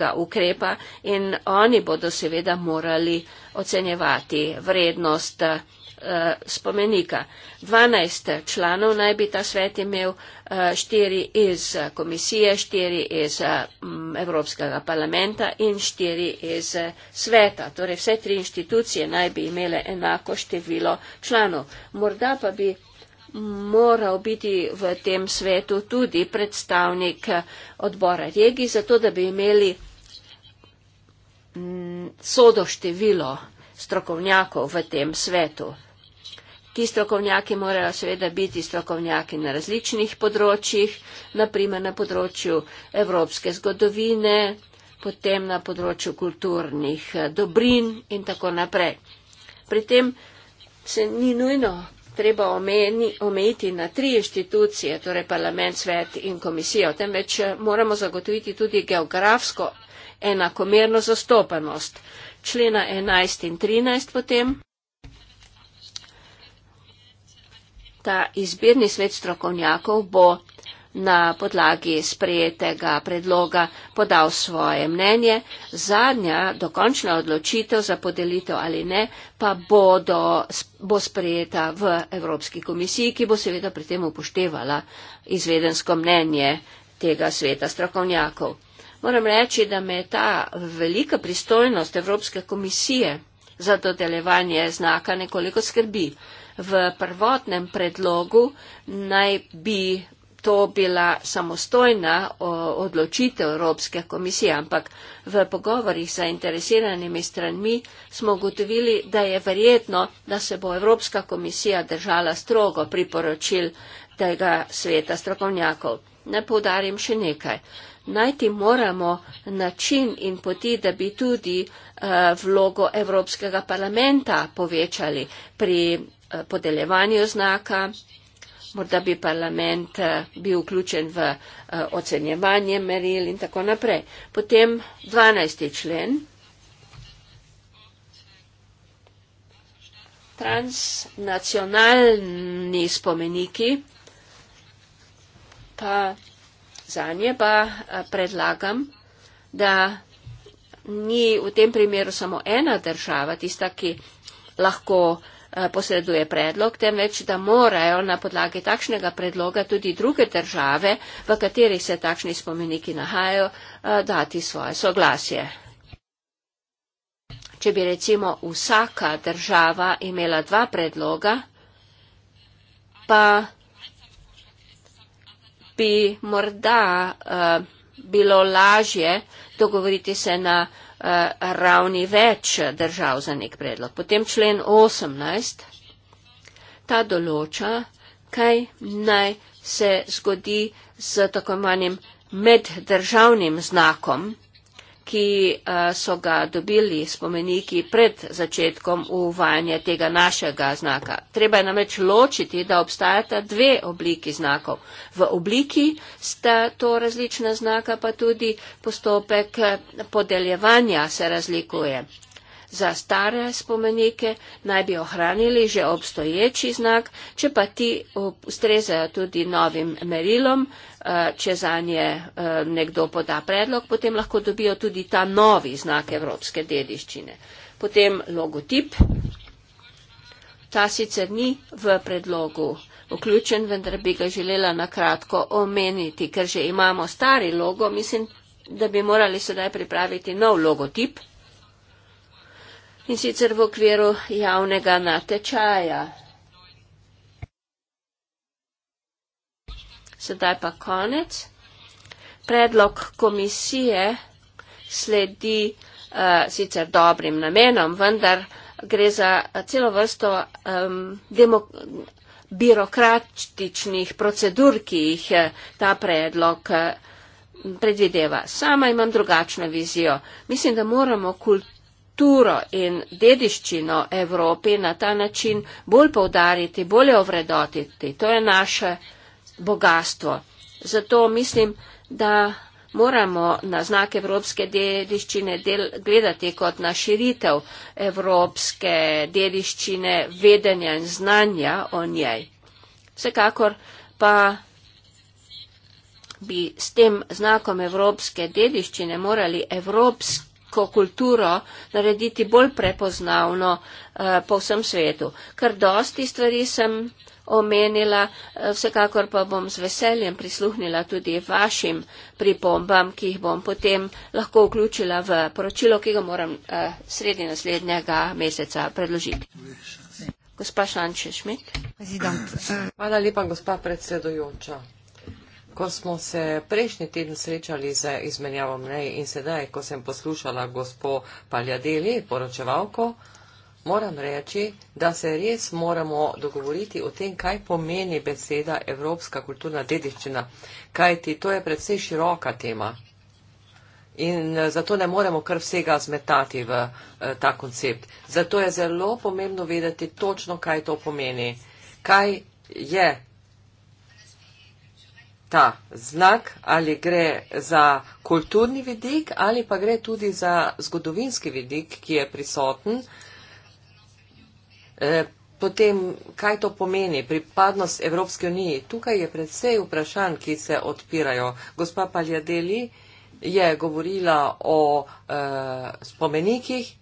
eh, ukrepa in oni bodo seveda morali ocenjevati vrednost eh, Eh, spomenika. 12 članov naj bi ta svet imel, 4 eh, iz eh, komisije, 4 iz Evropskega parlamenta in 4 iz sveta. Torej vse tri inštitucije naj bi imele enako število članov. Morda pa bi moral biti v tem svetu tudi predstavnik odbora regij, zato da bi imeli sodoštevilo strokovnjakov v tem svetu. Ti strokovnjaki morajo seveda biti strokovnjaki na različnih področjih, naprimer na področju evropske zgodovine, potem na področju kulturnih eh, dobrin in tako naprej. Pri tem se ni nujno treba omeni, omejiti na tri inštitucije, torej parlament, svet in komisijo, temveč eh, moramo zagotoviti tudi geografsko enakomerno zastopanost. Člena 11 in 13 potem. Ta izbirni svet strokovnjakov bo na podlagi sprejetega predloga podal svoje mnenje. Zadnja dokončna odločitev za podelitev ali ne pa bo, do, bo sprejeta v Evropski komisiji, ki bo seveda pri tem upoštevala izvedensko mnenje tega sveta strokovnjakov. Moram reči, da me ta velika pristojnost Evropske komisije za dodelevanje znaka nekoliko skrbi v prvotnem predlogu naj bi to bila samostojna odločitev Evropske komisije, ampak v pogovorih z zainteresiranimi stranmi smo ugotovili, da je verjetno, da se bo Evropska komisija držala strogo priporočil tega sveta strokovnjakov. Ne povdarim še nekaj. Najti moramo način in poti, da bi tudi Eh, vlogo Evropskega parlamenta povečali pri eh, podeljevanju znaka, morda bi parlament eh, bil vključen v ocenjevanje meril in tako naprej. Potem 12. člen. Transnacionalni spomeniki, pa za nje pa predlagam, da ni v tem primeru samo ena država, tista, ki lahko eh, posreduje predlog, temveč, da morajo na podlagi takšnega predloga tudi druge države, v katerih se takšni spomeniki nahajajo, eh, dati svoje soglasje. Če bi recimo vsaka država imela dva predloga, pa bi morda uh, bilo lažje dogovoriti se na eh, ravni več držav za nek predlog. Potem člen 18. Ta določa, kaj naj se zgodi z tako manjim meddržavnim znakom, ki eh, so ga dobili spomeniki pred začetkom uvajanja tega našega znaka. Treba je namreč ločiti, da obstajata dve obliki znakov. V obliki sta to različna znaka, pa tudi postopek podeljevanja se razlikuje. Za stare spomenike naj bi ohranili že obstoječi znak, če pa ti ustrezajo tudi novim merilom, eh, če za nje eh, nekdo poda predlog, potem lahko dobijo tudi ta novi znak evropske dediščine. Potem logotip. Ta sicer ni v predlogu vključen, vendar bi ga želela na kratko omeniti, ker že imamo stari logo, mislim, da bi morali sedaj pripraviti nov logotip in sicer v okviru javnega natečaja. Sedaj pa konec. Predlog komisije sledi uh, sicer dobrim namenom, vendar gre za celo vrsto um, demok birokratičnih procedur, ki jih eh, ta predlog eh, predvideva. Sama imam drugačno vizijo. Mislim, da moramo kulturo kulturo in dediščino Evropi na ta način bolj povdariti, bolje ovredotiti. To je naše bogatstvo. Zato mislim, da moramo na znak evropske dediščine del, gledati kot na širitev evropske dediščine, vedenja in znanja o njej. Vsekakor pa bi s tem znakom evropske dediščine morali evropski slovensko kulturo narediti bolj prepoznavno eh, po vsem svetu. Kar dosti stvari sem omenila, eh, vsekakor pa bom z veseljem prisluhnila tudi vašim pripombam, ki jih bom potem lahko vključila v poročilo, ki ga moram eh, sredi naslednjega meseca predložiti. Gospa Šančešmit. Hvala lepa, gospa predsedujoča. Ko smo se prejšnji teden srečali za izmenjavo mnej in sedaj, ko sem poslušala gospo Paljadeli, poročevalko, moram reči, da se res moramo dogovoriti o tem, kaj pomeni beseda evropska kulturna dediščina, kajti to je predvsej široka tema. In eh, zato ne moremo kar vsega zmetati v eh, ta koncept. Zato je zelo pomembno vedeti točno, kaj to pomeni, kaj je ta znak, ali gre za kulturni vidik, ali pa gre tudi za zgodovinski vidik, ki je prisoten. E, potem, kaj to pomeni, pripadnost Evropske unije? Tukaj je predvsej vprašanj, ki se odpirajo. Gospa Paljadeli je govorila o e, spomenikih,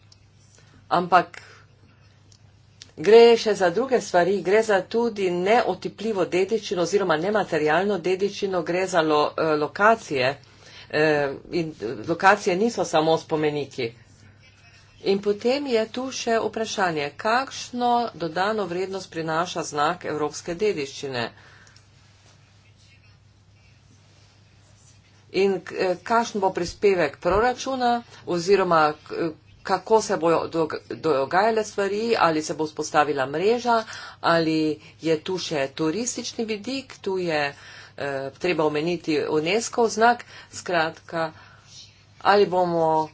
ampak Gre še za druge stvari, gre za tudi neotipljivo dedičino oziroma nematerialno dedičino, gre za lo, eh, lokacije eh, in eh, lokacije niso samo spomeniki. In potem je tu še vprašanje, kakšno dodano vrednost prinaša znak evropske dediščine in kakšen bo prispevek proračuna oziroma kakšen kako se bojo dogajale stvari, ali se bo spostavila mreža, ali je tu še turistični vidik, tu je eh, treba omeniti UNESCO znak, skratka, ali bomo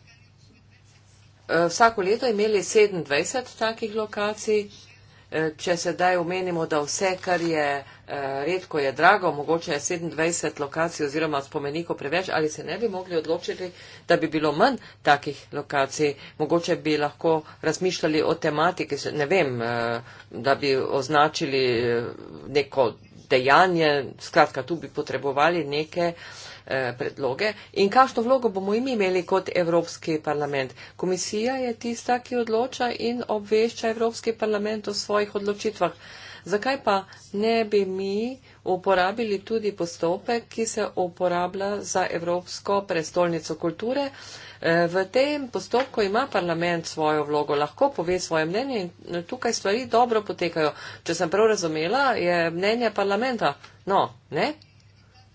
eh, vsako leto imeli 27 takih lokacij. Eh, če sedaj omenimo, da vse, kar je eh, redko, je drago, mogoče je 27 lokacij oziroma spomenikov preveč, ali se ne bi mogli odločiti, da bi bilo manj takih lokacij, mogoče bi lahko razmišljali o tematiki, ne vem, eh, da bi označili neko dejanje, skratka, tu bi potrebovali neke. Eh, predloge in kakšno vlogo bomo mi imeli kot Evropski parlament. Komisija je tista, ki odloča in obvešča Evropski parlament o svojih odločitvah. Zakaj pa ne bi mi uporabili tudi postopek, ki se uporablja za Evropsko prestolnico kulture? Eh, v tem postopku ima parlament svojo vlogo, lahko pove svoje mnenje in eh, tukaj stvari dobro potekajo. Če sem prav razumela, je mnenje parlamenta. No, ne?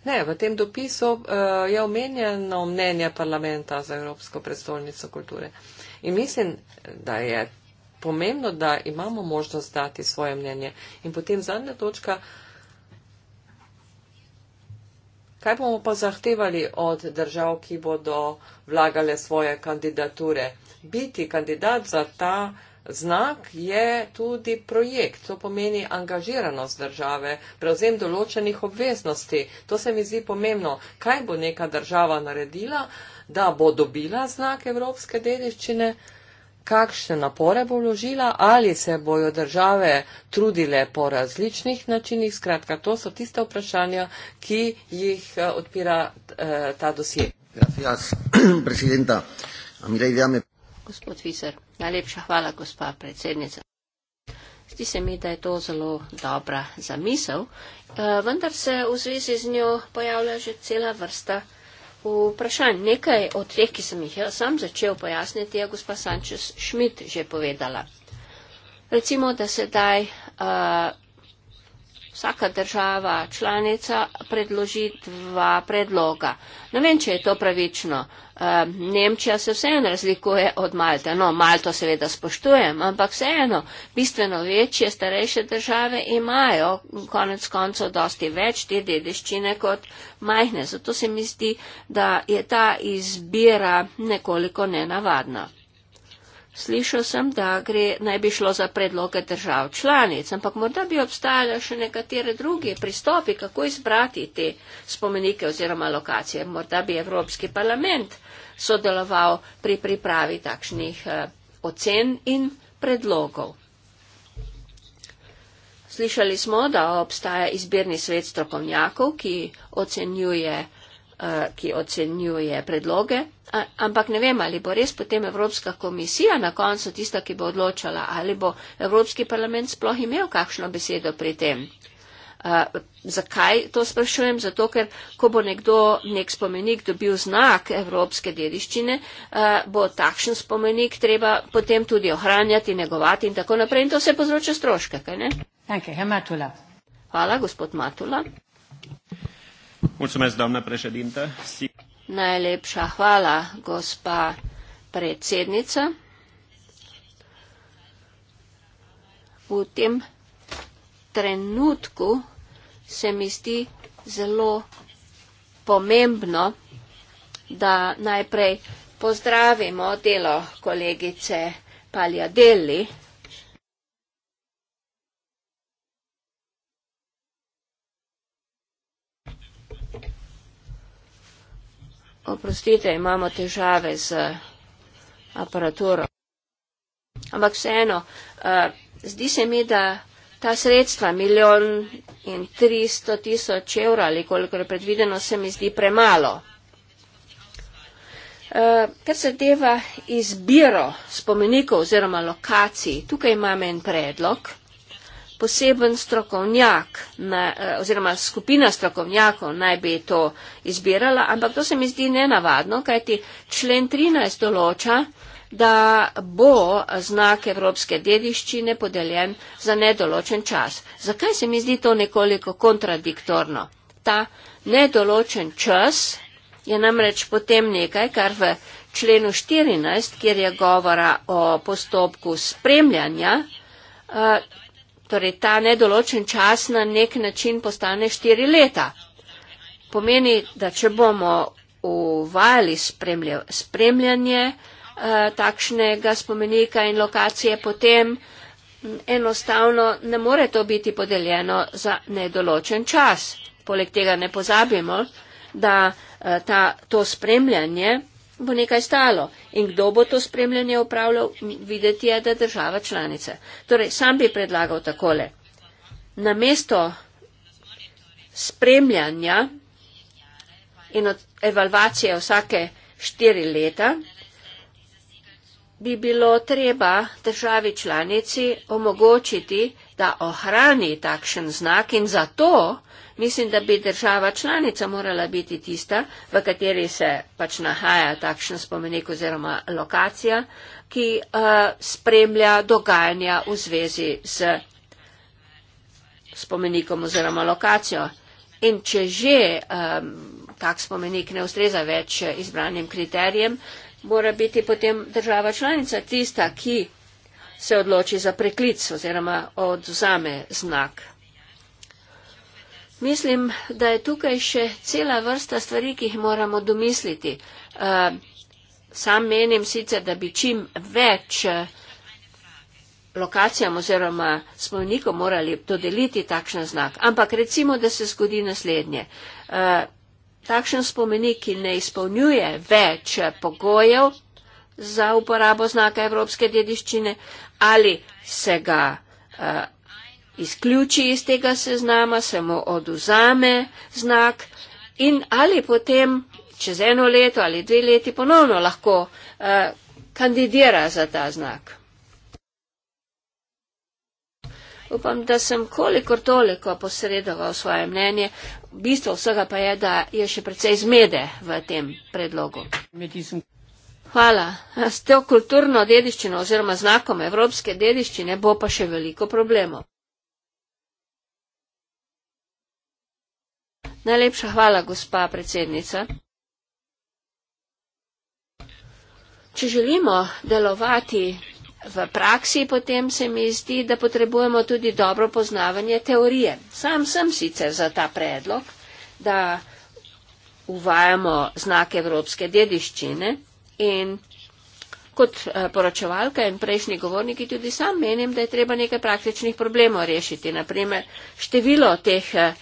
Ne, v tem dopisu uh, je omenjeno mnenje parlamenta za Evropsko predstolnico kulture. In mislim, da je pomembno, da imamo možnost dati svoje mnenje. In potem zadnja točka. Kaj bomo pa zahtevali od držav, ki bodo vlagale svoje kandidature? Biti kandidat za ta uh, Znak je tudi projekt, to pomeni angažiranost države, prevzem določenih obveznosti. To se mi zdi pomembno, kaj bo neka država naredila, da bo dobila znak evropske dediščine, kakšne napore bo vložila, ali se bojo države trudile po različnih načinih. Skratka, to so tiste vprašanja, ki jih eh, odpira eh, ta dosje. Gracias, presidenta. A mi la idea me Gospod Fiser, najlepša hvala, gospa predsednica. Zdi se mi, da je to zelo dobra zamisel, eh, vendar se v zvezi z njo pojavlja že cela vrsta vprašanj. Nekaj od teh, ki sem jih sam začel pojasniti, je gospa Sančes Šmit že povedala. Recimo, da se daj uh, eh, vsaka država članica predloži dva predloga. Ne vem, če je to pravično. Uh, Nemčija se vseeno razlikuje od Malte. No, Malto seveda spoštujem, ampak vseeno bistveno večje starejše države imajo konec koncev dosti več te dediščine kot majhne. Zato se mi zdi, da je ta izbira nekoliko nenavadna. Slišal sem, da gre, naj bi šlo za predloge držav članic, ampak morda bi obstajali še nekatere druge pristopi, kako izbrati te spomenike oziroma lokacije. Morda bi Evropski parlament sodeloval pri pripravi takšnih eh, ocen in predlogov. Slišali smo, da obstaja izbirni svet strokovnjakov, ki ocenjuje, eh, ki ocenjuje predloge, ampak ne vem, ali bo res potem Evropska komisija na koncu tista, ki bo odločala, ali bo Evropski parlament sploh imel kakšno besedo pri tem zakaj to sprašujem? Zato, ker ko bo nekdo nek spomenik dobil znak evropske dediščine, bo takšen spomenik treba potem tudi ohranjati, negovati in tako naprej. In to se povzroča stroške, kaj ne? Hvala, gospod Matula. Najlepša hvala, gospa predsednica. V tem trenutku se mi zdi zelo pomembno, da najprej pozdravimo delo kolegice Paljadeli. Oprostite, imamo težave z aparaturo. Ampak vseeno, uh, zdi se mi, da ta sredstva, milijon in tristo tisoč evrov ali koliko je predvideno, se mi zdi premalo. Uh, kar zadeva izbiro spomenikov oziroma lokacij, tukaj imam en predlog. Poseben strokovnjak na, eh, oziroma skupina strokovnjakov naj bi to izbirala, ampak to se mi zdi nenavadno, kajti člen 13 določa, uh, da bo znak evropske dediščine podeljen za nedoločen čas. Zakaj se mi zdi to nekoliko kontradiktorno? Ta nedoločen čas je namreč potem nekaj, kar v členu 14, kjer je govora o postopku spremljanja, eh, torej ta nedoločen čas na nek način postane 4 leta. Pomeni, da če bomo uvajali spremljanje, Eh, takšnega spomenika in lokacije potem mm, enostavno ne more to biti podeljeno za nedoločen čas. Poleg tega ne pozabimo, da eh, ta, to spremljanje bo nekaj stalo. In kdo bo to spremljanje upravljal, videti je, da država članica. Torej, sam bi predlagal takole. Na mesto spremljanja in evalvacije vsake štiri leta bi bilo treba državi članici omogočiti, da ohrani takšen znak in zato mislim, da bi država članica morala biti tista, v kateri se pač nahaja takšen spomenik oziroma lokacija, ki uh, spremlja dogajanja v zvezi s spomenikom oziroma lokacijo. In če že um, tak spomenik ne ustreza več izbranim kriterijem, mora biti potem država članica tista, ki se odloči za preklic oziroma odzame znak. Mislim, da je tukaj še cela vrsta stvari, ki jih moramo domisliti. Sam menim sicer, da bi čim več lokacijam oziroma spomenikom morali dodeliti takšen znak, ampak recimo, da se zgodi naslednje. Takšen spomenik, ki ne izpolnjuje več pogojev za uporabo znaka Evropske dediščine ali se ga uh, izključi iz tega seznama, se mu oduzame znak in ali potem čez eno leto ali dve leti ponovno lahko uh, kandidira za ta znak. upam, da sem kolikor toliko posredoval svoje mnenje. Bistvo vsega pa je, da je še precej zmede v tem predlogu. Hvala. S to kulturno dediščino oziroma znakom evropske dediščine bo pa še veliko problemov. Najlepša hvala, gospa predsednica. Če želimo delovati v praksi potem se mi zdi, da potrebujemo tudi dobro poznavanje teorije. Sam sem sicer za ta predlog, da uvajamo znake evropske dediščine in kot eh, poročevalka in prejšnji govorniki tudi sam menim, da je treba nekaj praktičnih problemov rešiti. Naprimer, število teh eh,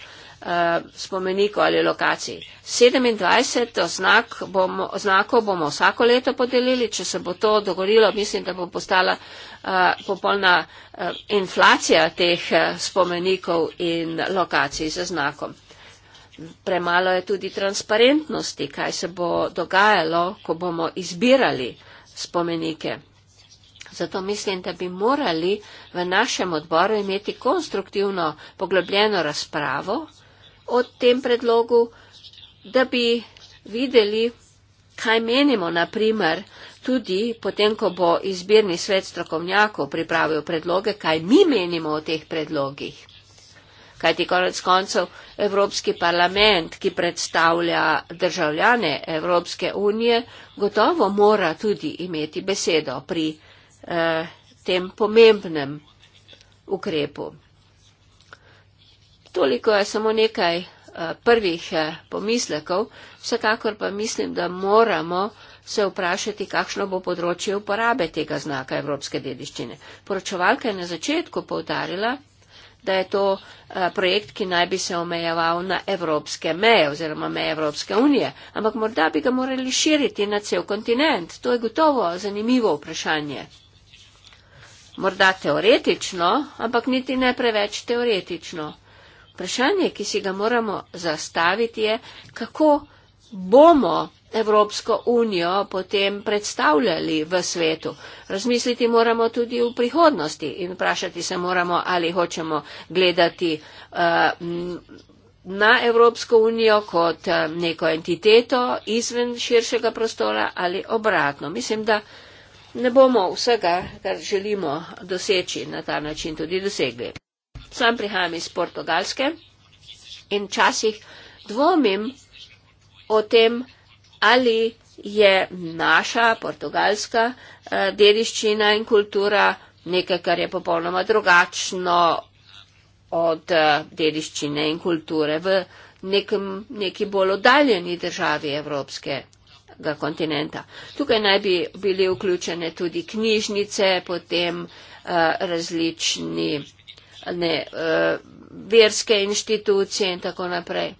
spomeniku ali lokaciji. 27 oznak bom, oznakov bomo vsako leto podelili, če se bo to dogorilo, mislim, da bo postala uh, popolna uh, inflacija teh uh, spomenikov in lokacij z znakom. Premalo je tudi transparentnosti, kaj se bo dogajalo, ko bomo izbirali spomenike. Zato mislim, da bi morali v našem odboru imeti konstruktivno poglobljeno razpravo, uh, o tem predlogu, da bi videli, kaj menimo, naprimer, tudi potem, ko bo izbirni svet strokovnjakov pripravil predloge, kaj mi menimo o teh predlogih. Kajti konec koncev Evropski parlament, ki predstavlja državljane Evropske unije, gotovo mora tudi imeti besedo pri eh, tem pomembnem ukrepu. Toliko je samo nekaj eh, prvih eh, pomislekov, vsekakor pa mislim, da moramo se vprašati, kakšno bo področje uporabe tega znaka Evropske dediščine. Poročevalka je na začetku povdarila, da je to eh, projekt, ki naj bi se omejeval na evropske meje oziroma meje Evropske unije, ampak morda bi ga morali širiti na cel kontinent. To je gotovo zanimivo vprašanje. Morda teoretično, ampak niti ne preveč teoretično vprašanje, ki si ga moramo zastaviti, je, kako bomo Evropsko unijo potem predstavljali v svetu. Razmisliti moramo tudi v prihodnosti in vprašati se moramo, ali hočemo gledati uh, na Evropsko unijo kot eh, neko entiteto izven širšega prostora ali obratno. Mislim, da ne bomo vsega, kar želimo doseči, na ta način tudi dosegli. Sam prihajam iz Portugalske in časih dvomim o tem, ali je naša portugalska eh, dediščina in kultura nekaj, kar je popolnoma drugačno od eh, dediščine in kulture v nekem, neki bolj oddaljeni državi Evropske. Kontinenta. Tukaj naj bi bili vključene tudi knjižnice, potem uh, različni uh, ne, uh, verske inštitucije in tako naprej.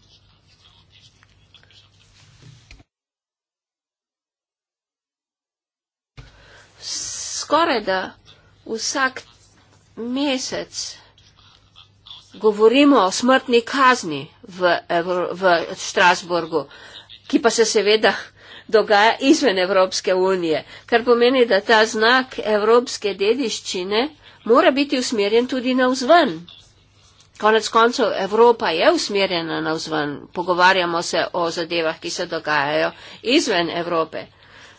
Skoraj da vsak mesec govorimo o smrtni kazni v, v Štrasburgu, ki pa se seveda dogaja izven Evropske unije, kar pomeni, da ta znak evropske dediščine mora biti usmerjen tudi na vzven. Konec koncev Evropa je usmerjena na vzven, pogovarjamo se o zadevah, ki se dogajajo izven Evrope.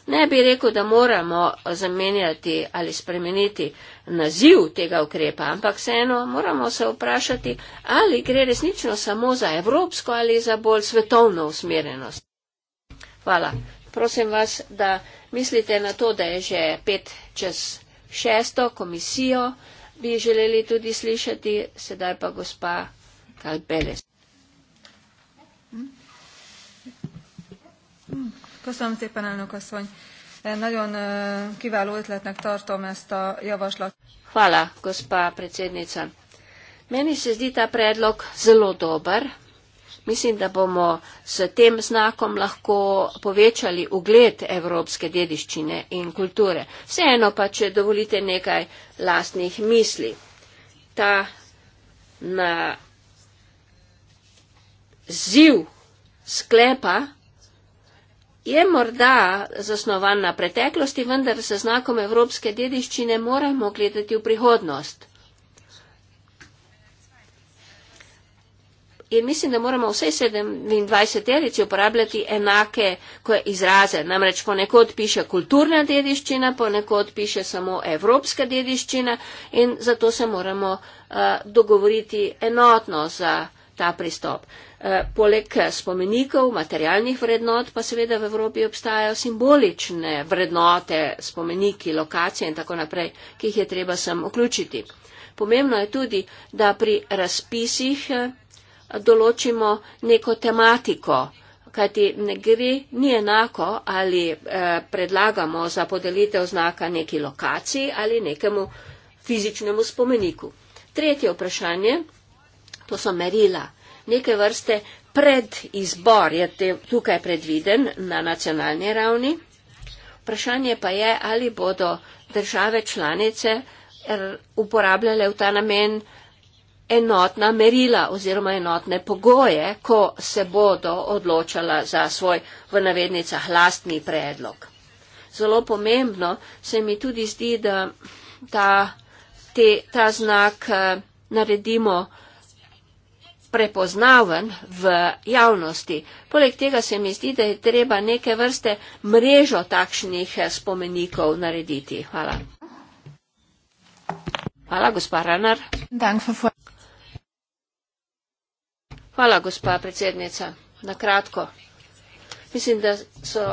Ne bi rekel, da moramo zamenjati ali spremeniti naziv tega ukrepa, ampak vseeno moramo se vprašati, ali gre resnično samo za evropsko ali za bolj svetovno usmerjenost. Hvala. Prosim vas, da mislite na to, da je že pet čez šesto komisijo bi želeli tudi slišati, sedaj pa gospa Kalpeles. Köszönöm szépen, elnök asszony. Nagyon kiváló ötletnek tartom ezt a javaslat. Hála, gospa predsednica. Meni se zdi ta predlog zelo dober, Mislim, da bomo s tem znakom lahko povečali ugled evropske dediščine in kulture. Vseeno pa, če dovolite nekaj lastnih misli. Ta na ziv sklepa je morda zasnovan na preteklosti, vendar se znakom evropske dediščine moramo gledati v prihodnost. in mislim, da moramo vse 27 terici uporabljati enake izraze. Namreč ponekod piše kulturna dediščina, ponekod piše samo evropska dediščina in zato se moramo uh, dogovoriti enotno za ta pristop. Eh, poleg spomenikov, materialnih vrednot, pa seveda v Evropi obstajajo simbolične vrednote, spomeniki, lokacije in tako naprej, ki jih je treba sem vključiti. Pomembno je tudi, da pri razpisih eh, določimo neko tematiko, kajti ne gre, ni enako, ali eh, predlagamo za podelitev znaka neki lokaciji ali nekemu fizičnemu spomeniku. Tretje vprašanje, to so merila. Neke vrste predizbor je te, tukaj predviden na nacionalni ravni. Vprašanje pa je, ali bodo države članice eh, uporabljale v ta namen enotna merila oziroma enotne pogoje, ko se bodo odločala za svoj v navednicah lastni predlog. Zelo pomembno se mi tudi zdi, da ta, te, ta znak eh, naredimo prepoznaven v javnosti. Poleg tega se mi zdi, da je treba neke vrste mrežo takšnih eh, spomenikov narediti. Hvala. Hvala, gospod Ranar. Hvala, gospa predsednica. Na kratko. Mislim, da so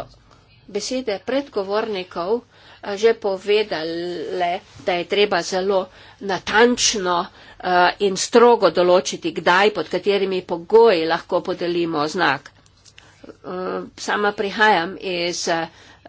besede predgovornikov eh, že povedali, da je treba zelo natančno eh, in strogo določiti, kdaj, pod katerimi pogoji lahko podelimo znak. Eh, sama prihajam iz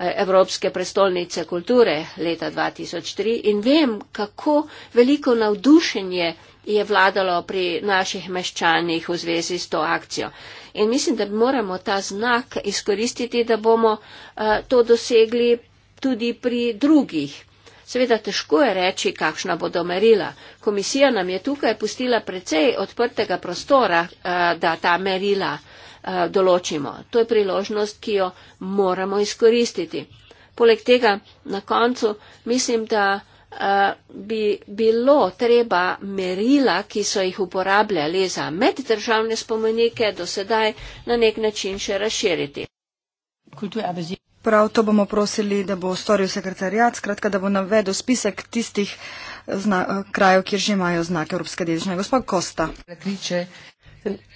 Eh, Evropske prestolnice kulture leta 2003 in vem, kako veliko navdušenje je vladalo pri naših meščanjih v zvezi s to akcijo. In mislim, da moramo ta znak izkoristiti, da bomo eh, to dosegli tudi pri drugih. Seveda težko je reči, kakšna bodo merila. Komisija nam je tukaj pustila precej odprtega prostora, eh, da ta merila Eh, določimo. To je priložnost, ki jo moramo izkoristiti. Poleg tega, na koncu, mislim, da eh, bi bilo treba merila, ki so jih uporabljali za meddržavne spomenike, do sedaj na nek način še razširiti. Prav to bomo prosili, da bo storil sekretarjat, skratka, da bo navedel spisek tistih krajev, kjer že imajo znake Evropske dedičnine. Gospod Kosta. Kriče, uh,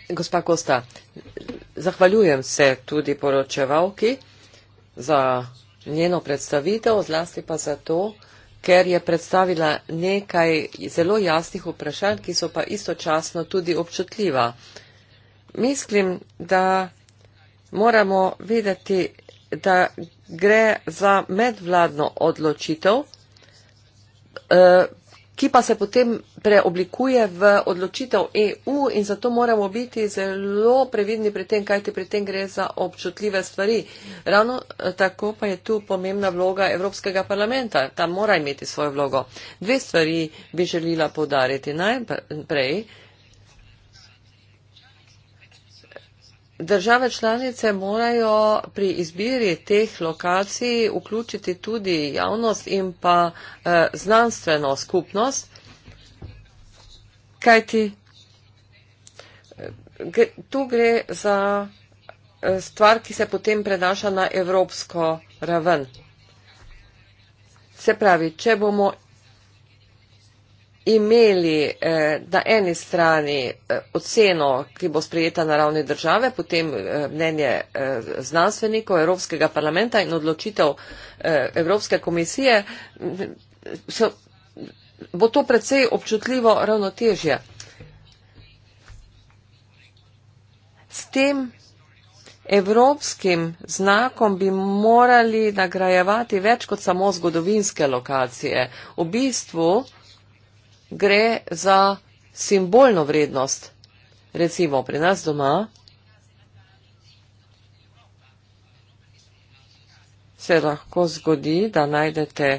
Gospa Kosta, zahvaljujem se tudi poročevalki za njeno predstavitev, zlasti pa zato, ker je predstavila nekaj zelo jasnih vprašanj, ki so pa istočasno tudi občutljiva. Mislim, da moramo videti, da gre za medvladno odločitev, eh, ki pa se potem preoblikuje v odločitev EU in zato moramo biti zelo previdni pri tem, kajti pri tem gre za občutljive stvari. Ravno eh, tako pa je tu pomembna vloga Evropskega parlamenta. Ta mora imeti svojo vlogo. Dve stvari bi želila podariti. Najprej. Najpr Države članice morajo pri izbiri teh lokacij vključiti tudi javnost in pa eh, znanstveno skupnost, kajti eh, tu gre za eh, stvar, ki se potem prenaša na evropsko raven. Se pravi, če bomo imeli eh, na eni strani eh, oceno, ki bo sprejeta na ravni države, potem eh, mnenje eh, znanstvenikov Evropskega parlamenta in odločitev eh, Evropske komisije, mm, so, bo to predvsej občutljivo ravnotežje. S tem evropskim znakom bi morali nagrajevati več kot samo zgodovinske lokacije. V bistvu gre za simbolno vrednost. Recimo pri nas doma se lahko zgodi, da najdete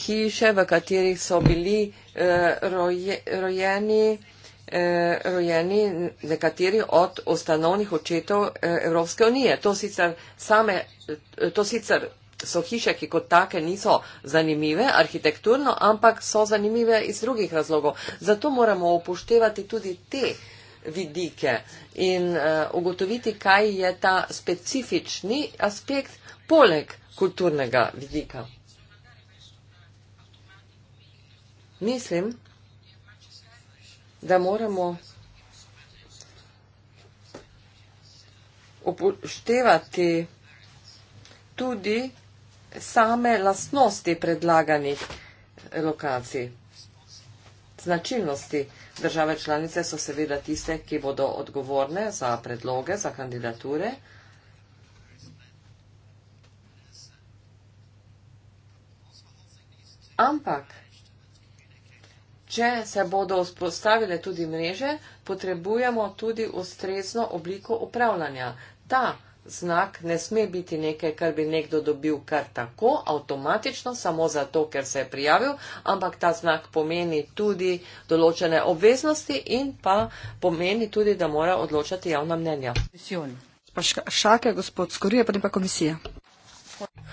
hiše, v katerih so bili eh, roje, rojeni, eh, rojeni nekateri od ustanovnih očetov eh, Evropske unije. To sicer, same, to sicer so hiše, ki kot take niso zanimive arhitekturno, ampak so zanimive iz drugih razlogov. Zato moramo upoštevati tudi te vidike in uh, ugotoviti, kaj je ta specifični aspekt poleg kulturnega vidika. Mislim, da moramo upoštevati tudi same lastnosti predlaganih eh, lokacij. Značilnosti države članice so seveda tiste, ki bodo odgovorne za predloge, za kandidature. Ampak, če se bodo vzpostavile tudi mreže, potrebujemo tudi ustrezno obliko upravljanja. Ta znak ne sme biti nekaj, kar bi nekdo dobil kar tako, avtomatično, samo zato, ker se je prijavil, ampak ta znak pomeni tudi določene obveznosti in pa pomeni tudi, da mora odločati javna mnenja. Pa šake, gospod Skorija, potem pa komisija.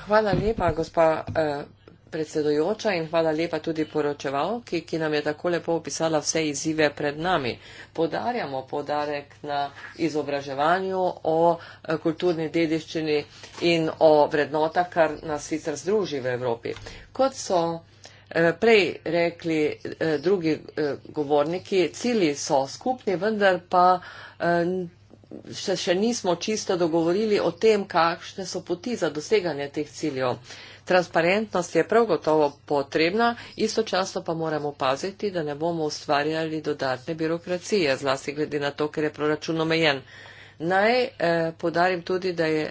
Hvala lepa, gospa. Eh, predsedojoča in hvala lepa tudi poročevalki, ki nam je tako lepo opisala vse izzive pred nami. Podarjamo podarek na izobraževanju o eh, kulturni dediščini in o vrednotah, kar nas sicer združi v Evropi. Kot so eh, prej rekli eh, drugi govorniki, cili so skupni, vendar pa. Še, še nismo čisto dogovorili o tem, kakšne so poti za doseganje teh ciljev. Uh, Transparentnost je prav gotovo potrebna, istočasno pa moramo paziti, da ne bomo ustvarjali dodatne birokracije, zlasti glede na to, ker je proračun omejen. Naj eh, podarim tudi, da je,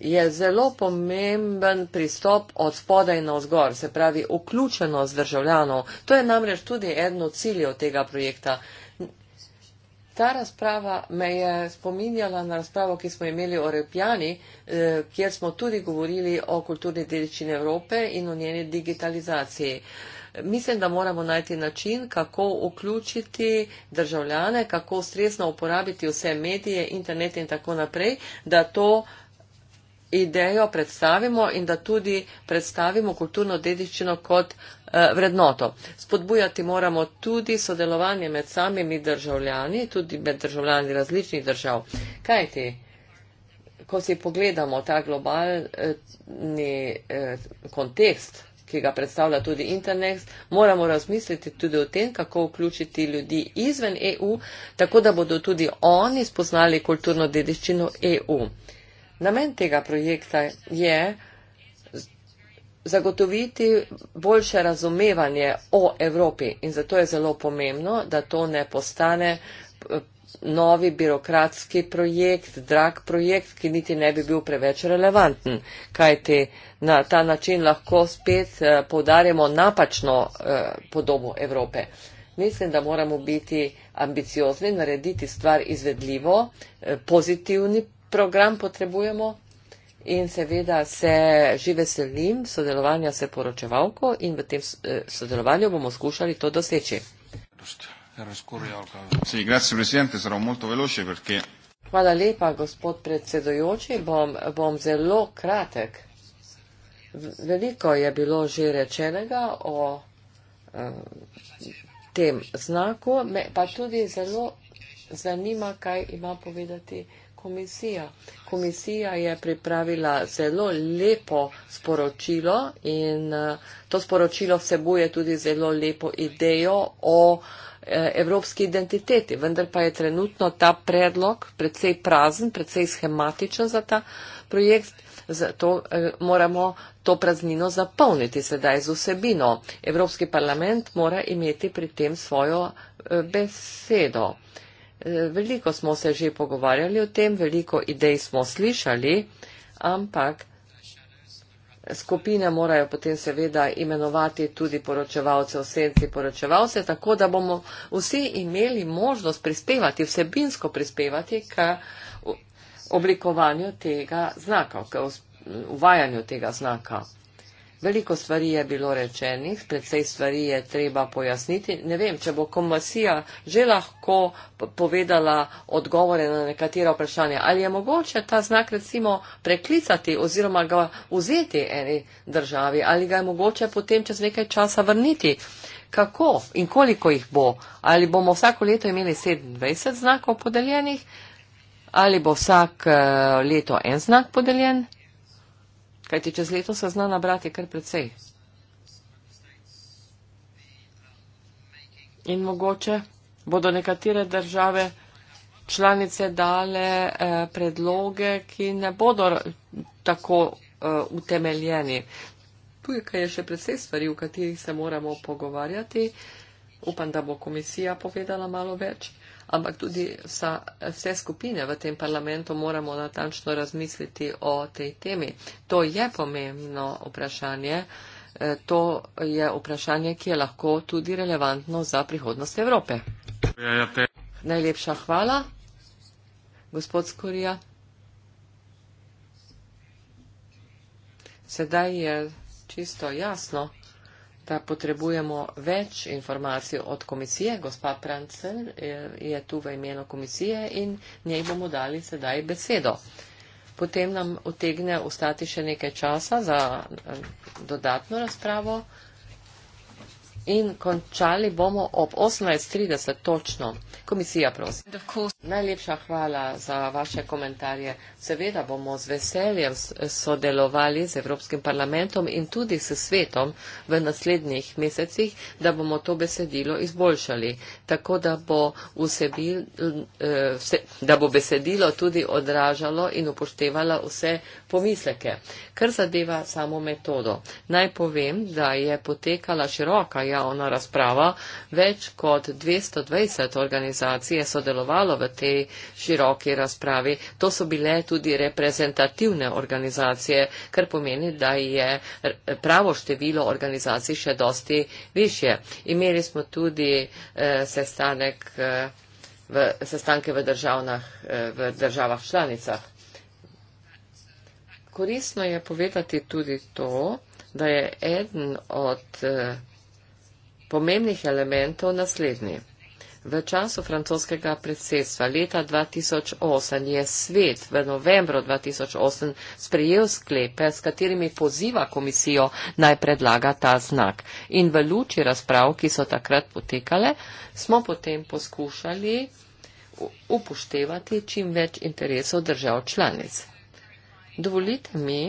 je zelo pomemben pristop od spodaj na vzgor, se pravi vključenost državljanov. To je namreč tudi eno ciljev tega projekta. Ta razprava me je spominjala na razpravo, ki smo imeli o Repjani, eh, kjer smo tudi govorili o kulturni dediščini Evrope in o njeni digitalizaciji. Mislim, da moramo najti način, kako vključiti državljane, kako stresno uporabiti vse medije, internet in tako naprej, da to idejo predstavimo in da tudi predstavimo kulturno dediščino kot Eh, vrednoto. Spodbujati moramo tudi sodelovanje med samimi državljani, tudi med državljani različnih držav. Kaj ti, ko si pogledamo ta globalni eh, kontekst, ki ga predstavlja tudi internet, moramo razmisliti tudi o tem, kako vključiti ljudi izven EU, tako da bodo tudi oni spoznali kulturno dediščino EU. Namen tega projekta je, zagotoviti boljše razumevanje o Evropi in zato je zelo pomembno, da to ne postane eh, novi birokratski projekt, drag projekt, ki niti ne bi bil preveč relevanten, kajti na ta način lahko spet eh, poudarjamo napačno eh, podobo Evrope. Mislim, da moramo biti ambiciozni, narediti stvar izvedljivo, pozitivni program potrebujemo, in seveda se že veselim sodelovanja s poročevalko in v tem eh, sodelovanju bomo skušali to doseči. Hvala lepa, gospod predsedojoči, bom, bom zelo kratek. Veliko je bilo že rečenega o eh, tem znaku, me pa tudi zelo zanima, kaj ima povedati komisija. Komisija je pripravila zelo lepo sporočilo in eh, to sporočilo vsebuje tudi zelo lepo idejo o eh, evropski identiteti. Vendar pa je trenutno ta predlog predvsej prazen, predvsej schematičen za ta projekt. Zato eh, moramo to praznino zapolniti sedaj z vsebino. Evropski parlament mora imeti pri tem svojo besedo. Veliko smo se že pogovarjali o tem, veliko idej smo slišali, ampak skupine morajo potem seveda imenovati tudi poročevalce, osenci poročevalce, tako da bomo vsi imeli možnost prispevati, vsebinsko prispevati k oblikovanju tega znaka, k uvajanju tega znaka. Veliko stvari je bilo rečenih, predvsej stvari je treba pojasniti. Ne vem, če bo komisija že lahko povedala odgovore na nekatera vprašanja, ali je mogoče ta znak recimo preklicati oziroma ga vzeti eni državi, ali ga je mogoče potem čez nekaj časa vrniti. Kako in koliko jih bo? Ali bomo vsako leto imeli 27 znakov podeljenih, ali bo vsak eh, leto en znak podeljen? Kajti čez leto se zna nabrati kar precej. In mogoče bodo nekatere države članice dale eh, predloge, ki ne bodo tako eh, utemeljeni. Tukaj je še precej stvari, v katerih se moramo pogovarjati. Upam, da bo komisija povedala malo več ampak tudi vsa, vse skupine v tem parlamentu moramo natančno razmisliti o tej temi. To je pomembno vprašanje. Eh, to je vprašanje, ki je lahko tudi relevantno za prihodnost Evrope. Ja, ja, Najlepša hvala, gospod Skorija. Sedaj je čisto jasno da potrebujemo več informacij od komisije. Gospa Prancer je tu v imenu komisije in njej bomo dali sedaj besedo. Potem nam utegne ostati še nekaj časa za eh, dodatno razpravo. In končali bomo ob 18.30 točno. Komisija, prosim. Najlepša hvala za vaše komentarje. Seveda bomo z veseljem sodelovali z Evropskim parlamentom in tudi s svetom v naslednjih mesecih, da bomo to besedilo izboljšali. Tako da bo, vsebil, eh, da bo besedilo tudi odražalo in upoštevalo vse pomisleke. Kar zadeva samo metodo. Naj povem, da je potekala široka. Ja javna razprava. Več kot 220 organizacij je sodelovalo v tej široki razpravi. To so bile tudi reprezentativne organizacije, kar pomeni, da je pravo število organizacij še dosti više. Imeli smo tudi eh, sestanek, eh, v, sestanke v, eh, v državah članicah. Koristno je povedati tudi to, da je eden od eh, Pomembnih elementov naslednji. V času francoskega predsedstva leta 2008 je svet v novembru 2008 sprejel sklepe, s katerimi poziva komisijo naj predlaga ta znak. In v luči razprav, ki so takrat potekale, smo potem poskušali upoštevati čim več interesov držav članic. Dovolite mi,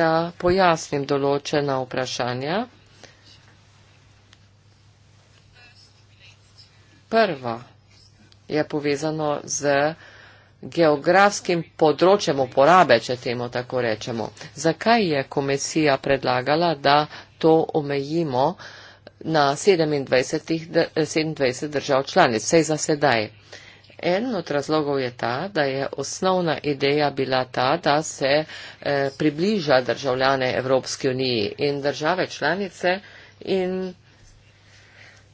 da pojasnim določena vprašanja prva je povezano z geografskim področjem uporabe, če temu tako rečemo. Zakaj je komisija predlagala, da to omejimo na 27, 27 držav članic, vsej za sedaj? En od razlogov je ta, da je osnovna ideja bila ta, da se eh, približa državljane Evropski uniji in države članice in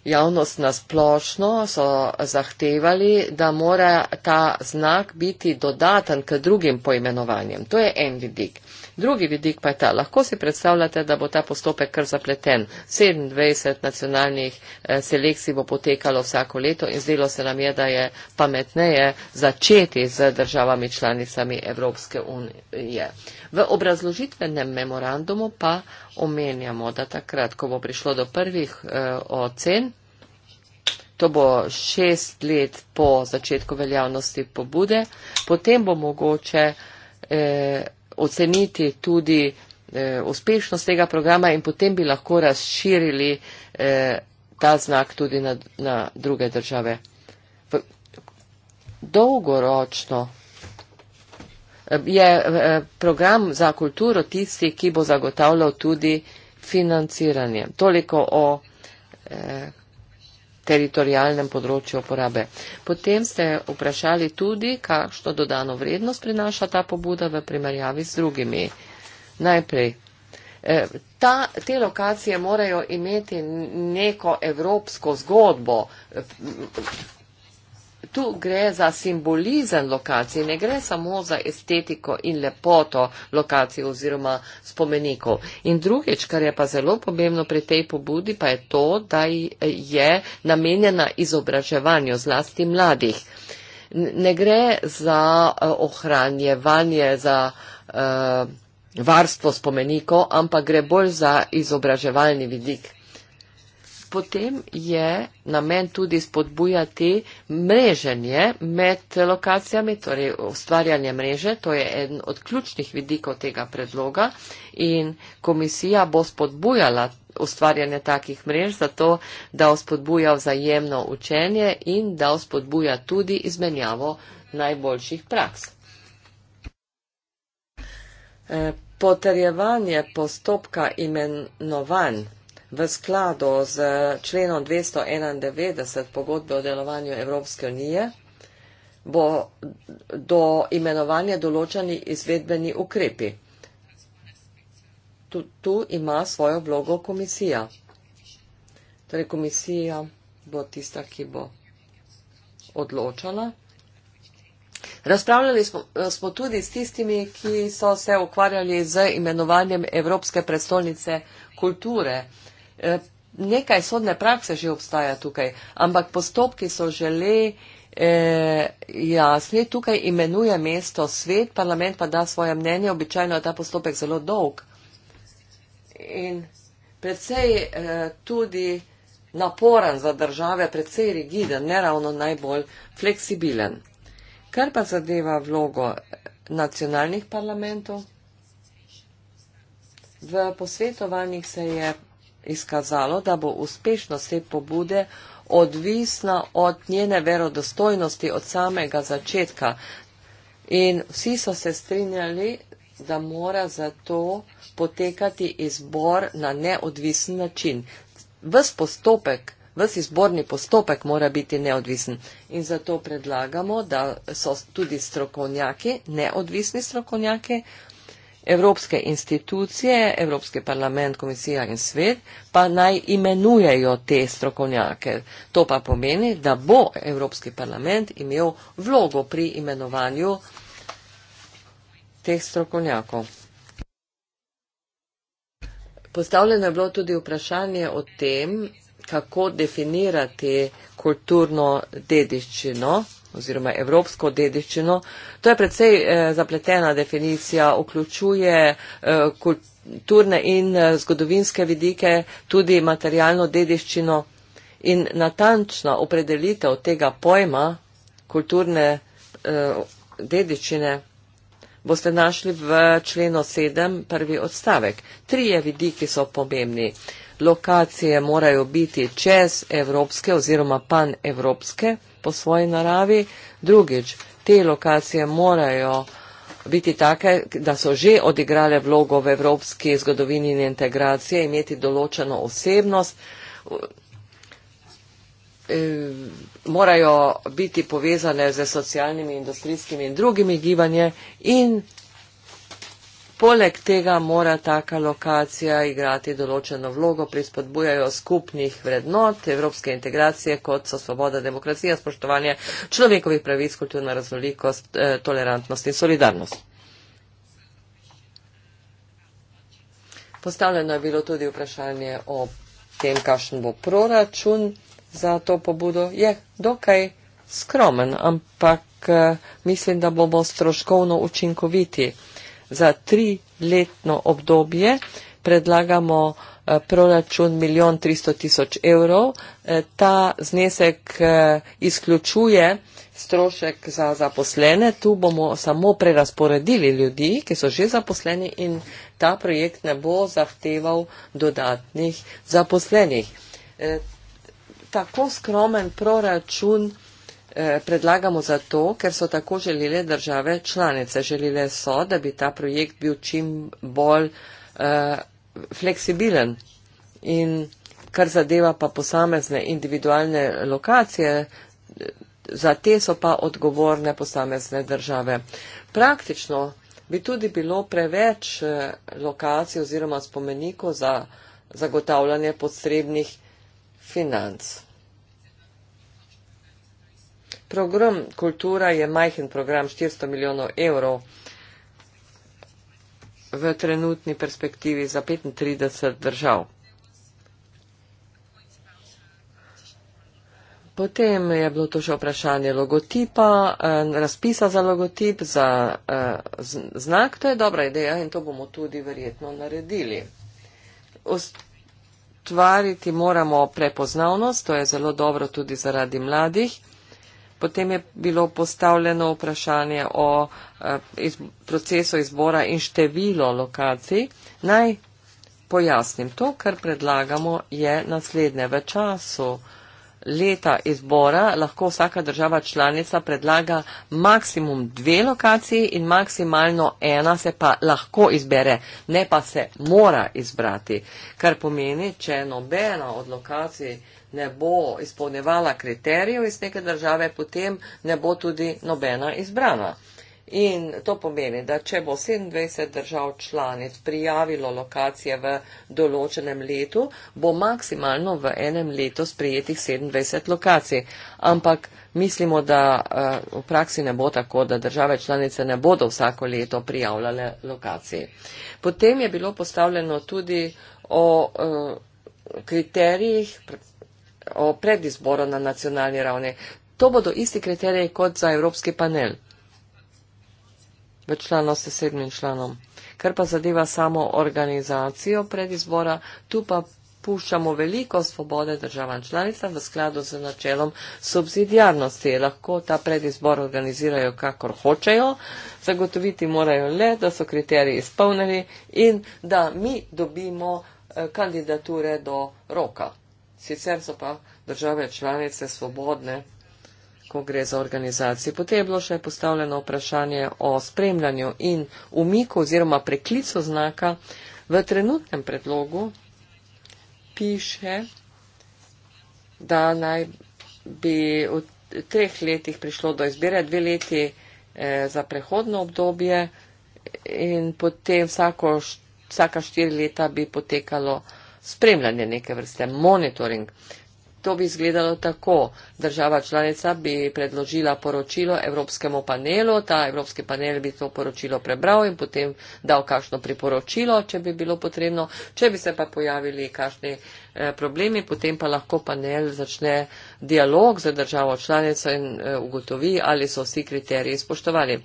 javnost na splošno so zahtevali, da mora ta znak biti dodaten k drugim poimenovanjem. To je en vidik. Drugi vidik pa je ta. Lahko si predstavljate, da bo ta postopek kar zapleten. 27 nacionalnih eh, selekcij bo potekalo vsako leto in zdelo se nam je, da je pametneje začeti z državami članicami Evropske unije. V obrazložitvenem memorandumu pa omenjamo, da takrat, ko bo prišlo do prvih uh, ocen, to bo šest let po začetku veljavnosti pobude, potem bo mogoče uh, oceniti tudi uh, uspešnost tega programa in potem bi lahko razširili uh, ta znak tudi na, na druge države. V, dolgoročno je eh, program za kulturo tisti, ki bo zagotavljal tudi financiranje. Toliko o eh, teritorijalnem področju uporabe. Potem ste vprašali tudi, kakšno dodano vrednost prinaša ta pobuda v primerjavi z drugimi. Najprej, eh, ta, te lokacije morajo imeti neko evropsko zgodbo, tu gre za simbolizem lokacij, ne gre samo za estetiko in lepoto lokacij oziroma spomenikov. In drugič, kar je pa zelo pomembno pri tej pobudi, pa je to, da je namenjena izobraževanju zlasti mladih. Ne gre za eh, ohranjevanje, za uh, varstvo spomenikov, ampak gre bolj za izobraževalni vidik potem je namen tudi spodbujati mreženje med lokacijami, torej ustvarjanje mreže. To je en od ključnih vidikov tega predloga in komisija bo spodbujala ustvarjanje takih mrež, zato da spodbuja vzajemno učenje in da spodbuja tudi izmenjavo najboljših praks. Eh, potrjevanje postopka imenovanj v skladu z členom 291 pogodbe o delovanju Evropske unije bo do imenovanja določeni izvedbeni ukrepi. Tu, tu ima svojo vlogo komisija. Torej komisija bo tista, ki bo odločala. Razpravljali smo, smo tudi s tistimi, ki so se ukvarjali z imenovanjem Evropske prestolnice kulture. E, nekaj sodne prakse že obstaja tukaj, ampak postopki so žele eh, jasni. Tukaj imenuje mesto svet, parlament pa da svoje mnenje, običajno je ta postopek zelo dolg. In predvsej eh, tudi naporen za države, predvsej rigiden, ne ravno najbolj fleksibilen. Kar pa zadeva vlogo nacionalnih parlamentov, v posvetovanjih se je izkazalo, da bo uspešnost te pobude odvisna od njene verodostojnosti od samega začetka. In vsi so se strinjali, da mora zato potekati izbor na neodvisen način. Ves postopek, ves izborni postopek mora biti neodvisen. In zato predlagamo, da so tudi strokovnjaki, neodvisni strokovnjaki, Evropske institucije, Evropski parlament, komisija in svet pa naj imenujejo te strokovnjake. To pa pomeni, da bo Evropski parlament imel vlogo pri imenovanju teh strokovnjakov. Postavljeno je bilo tudi vprašanje o tem, kako definirati kulturno dediščino oziroma evropsko dediščino. To je predvsej eh, zapletena definicija, vključuje eh, kulturne in eh, zgodovinske vidike, tudi materialno dediščino in natančna opredelitev tega pojma kulturne eh, dediščine boste našli v členu 7, prvi odstavek. Trije vidiki so pomembni. Eh, lokacije morajo biti čez evropske oziroma pan evropske po svoji naravi. Drugič, te lokacije morajo biti take, da so že odigrale vlogo v evropski zgodovini in integracije, imeti določeno osebnost. E, morajo biti povezane z socialnimi, industrijskimi in drugimi gibanje in Poleg tega mora taka lokacija igrati določeno vlogo pri spodbujajo skupnih vrednot evropske integracije, kot so svoboda, demokracija, spoštovanje človekovih pravic, kulturna raznolikost, eh, tolerantnost in solidarnost. Postavljeno je bilo tudi vprašanje o tem, kakšen bo proračun za to pobudo. Je dokaj skromen, ampak eh, mislim, da bomo stroškovno učinkoviti za tri letno obdobje. Predlagamo eh, proračun milijon 300 tisoč evrov. Eh, ta znesek eh, izključuje strošek za zaposlene. Tu bomo samo prerasporedili ljudi, ki so že zaposleni in ta projekt ne bo zahteval dodatnih zaposlenih. Tako skromen proračun Eh, predlagamo zato, ker so tako želele države članice. Želele so, da bi ta projekt bil čim bolj eh, fleksibilen. In kar zadeva pa posamezne individualne lokacije, eh, za te so pa odgovorne posamezne države. Praktično bi tudi bilo preveč lokacij oziroma spomenikov za zagotavljanje potrebnih financ. Program kultura je majhen program, 400 milijonov evrov v trenutni perspektivi za 35 držav. Potem je bilo to še vprašanje logotipa, eh, razpisa za logotip, za eh, znak. To je dobra ideja in to bomo tudi verjetno naredili. Ustvariti moramo prepoznavnost, to je zelo dobro tudi zaradi mladih. Potem je bilo postavljeno vprašanje o eh, iz, procesu izbora in število lokacij. Naj pojasnim. To, kar predlagamo, je naslednje. V času eh, leta izbora lahko vsaka država članica predlaga maksimum dve lokaciji in maksimalno ena se pa lahko izbere, ne pa se mora izbrati. Kar pomeni, če nobena od lokacij ne bo izpolnevala kriterijev iz neke države, potem ne bo tudi nobena izbrana. In to pomeni, da če bo 27 držav članic prijavilo lokacije v določenem letu, bo maksimalno v enem letu sprejetih 27 lokacij. Ampak mislimo, da eh, v praksi ne bo tako, da države članice ne bodo vsako leto prijavljale lokacij. Potem je bilo postavljeno tudi o eh, kriterijih, o predizboru na nacionalni ravni. To bodo isti kriteriji kot za Evropski panel v člano s sedmim članom. Kar pa zadeva samo organizacijo predizbora, tu pa puščamo veliko svobode državam članicam v skladu z načelom subsidijarnosti. Lahko ta predizbor organizirajo, kakor hočejo, zagotoviti morajo le, da so kriteriji izpolnili in da mi dobimo eh, kandidature do roka. Sicer so pa države članice svobodne ko gre za organizacije. Potem je bilo še postavljeno vprašanje o spremljanju in umiku oziroma preklicu znaka. V trenutnem predlogu piše, da naj bi v treh letih prišlo do izbire, dve leti eh, za prehodno obdobje in potem vsako, vsaka štiri leta bi potekalo spremljanje neke vrste, monitoring. Eh, To bi izgledalo tako. Država članica bi predložila poročilo Evropskemu panelu, ta Evropski panel bi to poročilo prebral in potem dal kakšno priporočilo, če bi bilo potrebno. Če bi se pa pojavili kakšni eh, problemi, potem pa lahko panel začne dialog z državo članico in eh, ugotovi, ali so vsi kriteriji spoštovali.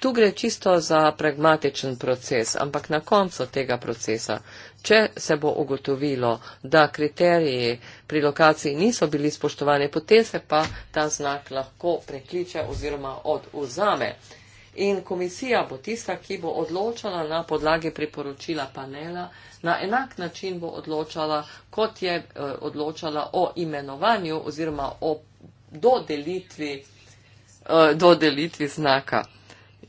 Tu gre čisto za pragmatičen proces, ampak na koncu tega procesa, če se bo ugotovilo, da kriteriji pri lokaciji niso bili spoštovani, potem se pa ta znak lahko prekliče oziroma oduzame. In komisija bo tista, ki bo odločala na podlagi priporočila panela, na enak način bo odločala, kot je eh, odločala o imenovanju oziroma o dodelitvi, eh, dodelitvi znaka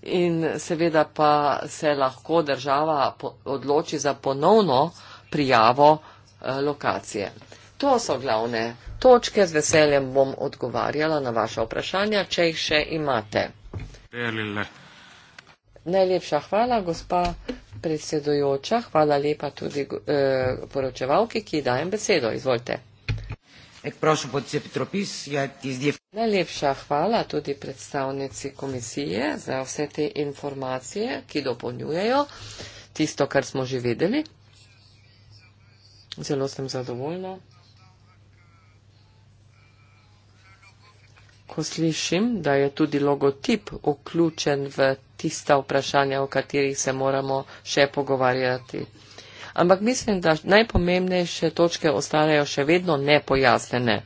in seveda pa se lahko država odloči za ponovno prijavo eh, lokacije. To so glavne točke, z veseljem bom odgovarjala na vaše vprašanja, če jih še imate. Delile. Najlepša hvala, gospa predsedojoča, hvala lepa tudi eh, poročevalki, ki dajem besedo. Izvolite. Prosim, podci Petropis, ja ti zdje. Najlepša hvala tudi predstavnici komisije za vse te informacije, ki dopolnjujejo tisto, kar smo že vedeli. Zelo sem zadovoljna. Ko slišim, da je tudi logotip vključen v tista vprašanja, o katerih se moramo še pogovarjati ampak mislim, da najpomembnejše točke ostarajo še vedno nepojasnjene.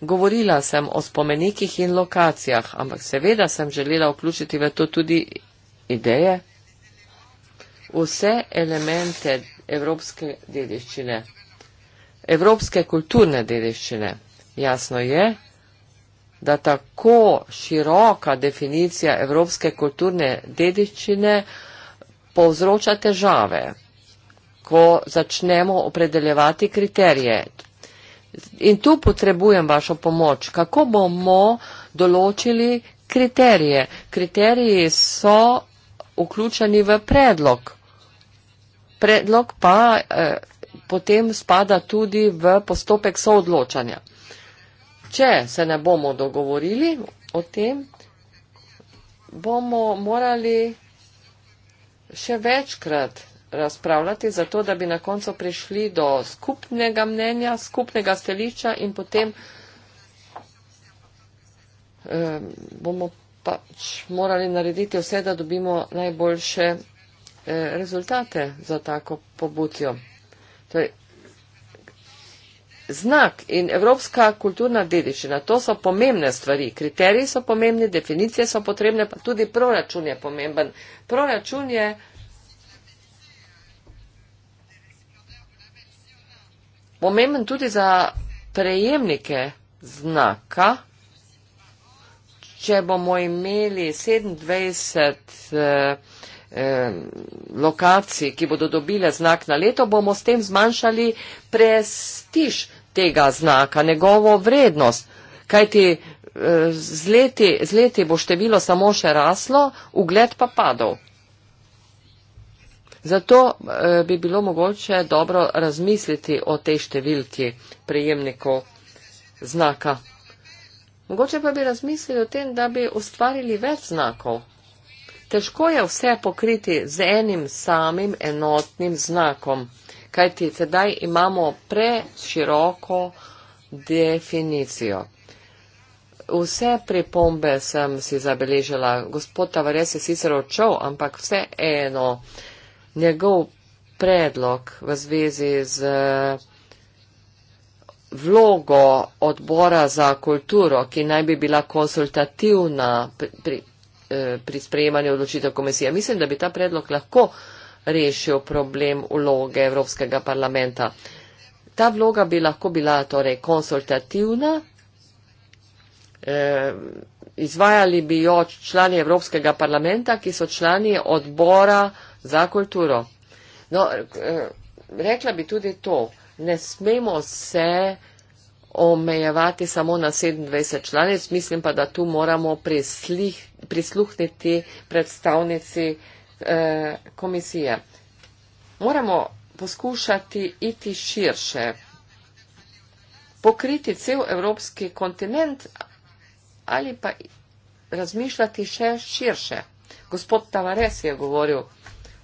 Govorila sem o spomenikih in lokacijah, ampak seveda sem želela vključiti v to tudi ideje, vse elemente evropske dediščine, evropske kulturne dediščine. Jasno je, da tako široka definicija evropske kulturne dediščine povzroča težave ko začnemo opredeljevati kriterije. In tu potrebujem vašo pomoč. Kako bomo določili kriterije? Kriteriji so vključeni v predlog. Predlog pa eh, potem spada tudi v postopek soodločanja. Če se ne bomo dogovorili o tem, bomo morali še večkrat razpravljati, zato da bi na koncu prišli do skupnega mnenja, skupnega stališča in potem eh, bomo pač morali narediti vse, da dobimo najboljše eh, rezultate za tako pobutjo. Torej, znak in evropska kulturna dediščina, to so pomembne stvari, kriteriji so pomembni, definicije so potrebne, pa tudi proračun je pomemben. Proračun je eh, pomemben tudi za prejemnike znaka. Če bomo imeli 27 eh, eh, lokacij, ki bodo dobile znak na leto, bomo s tem zmanjšali prestiž tega znaka, njegovo vrednost. Kajti eh, z, leti, z leti bo število samo še raslo, ugled pa padal. Zato eh, bi bilo mogoče dobro razmisliti o tej številki prejemnikov znaka. Mogoče pa bi razmislili o tem, da bi ustvarili več znakov. Težko je vse pokriti z enim samim enotnim znakom, kajti sedaj imamo preširoko definicijo. Vse pripombe sem si zabeležila. Gospod Tavares je sicer odšel, ampak vse eno. Uh, njegov predlog v zvezi z vlogo odbora za kulturo, ki naj bi bila konsultativna pri, pri, eh, pri sprejemanju odločitev komisije. Mislim, da bi ta predlog lahko rešil problem vloge Evropskega parlamenta. Ta vloga bi lahko bila torej konsultativna, eh, izvajali bi jo člani Evropskega parlamenta, ki so člani odbora, za kulturo. No, eh, rekla bi tudi to, ne smemo se omejevati samo na 27 članic, mislim pa, da tu moramo prislih, prisluhniti predstavnici eh, komisije. Moramo poskušati iti širše, pokriti cel evropski kontinent ali pa razmišljati še širše. Gospod Tavares je govoril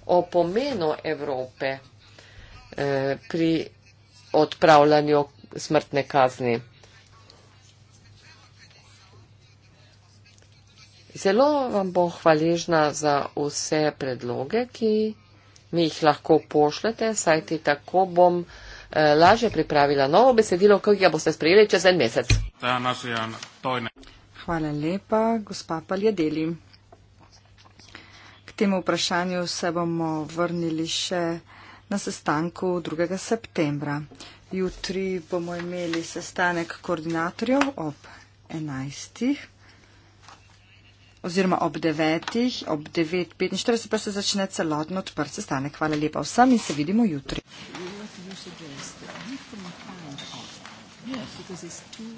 o pomenu Evrope eh, pri odpravljanju smrtne kazni. Zelo vam bo hvaležna za vse predloge, ki mi jih lahko pošljete, saj ti tako bom eh, lažje pripravila novo besedilo, ki ga boste sprejeli čez en mesec. Hvala lepa, gospa Paljedeli temu vprašanju se bomo vrnili še na sestanku 2. septembra. Jutri bomo imeli sestanek koordinatorjev ob 11. oziroma ob 9. ob 9.45 pa se začne celotno odprt sestanek. Hvala lepa vsem in se vidimo jutri. Yes, because it's too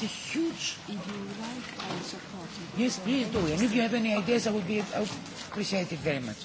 the huge in your life, I support you. Yes, please do. And if you have any ideas, I would be I would appreciate it very much.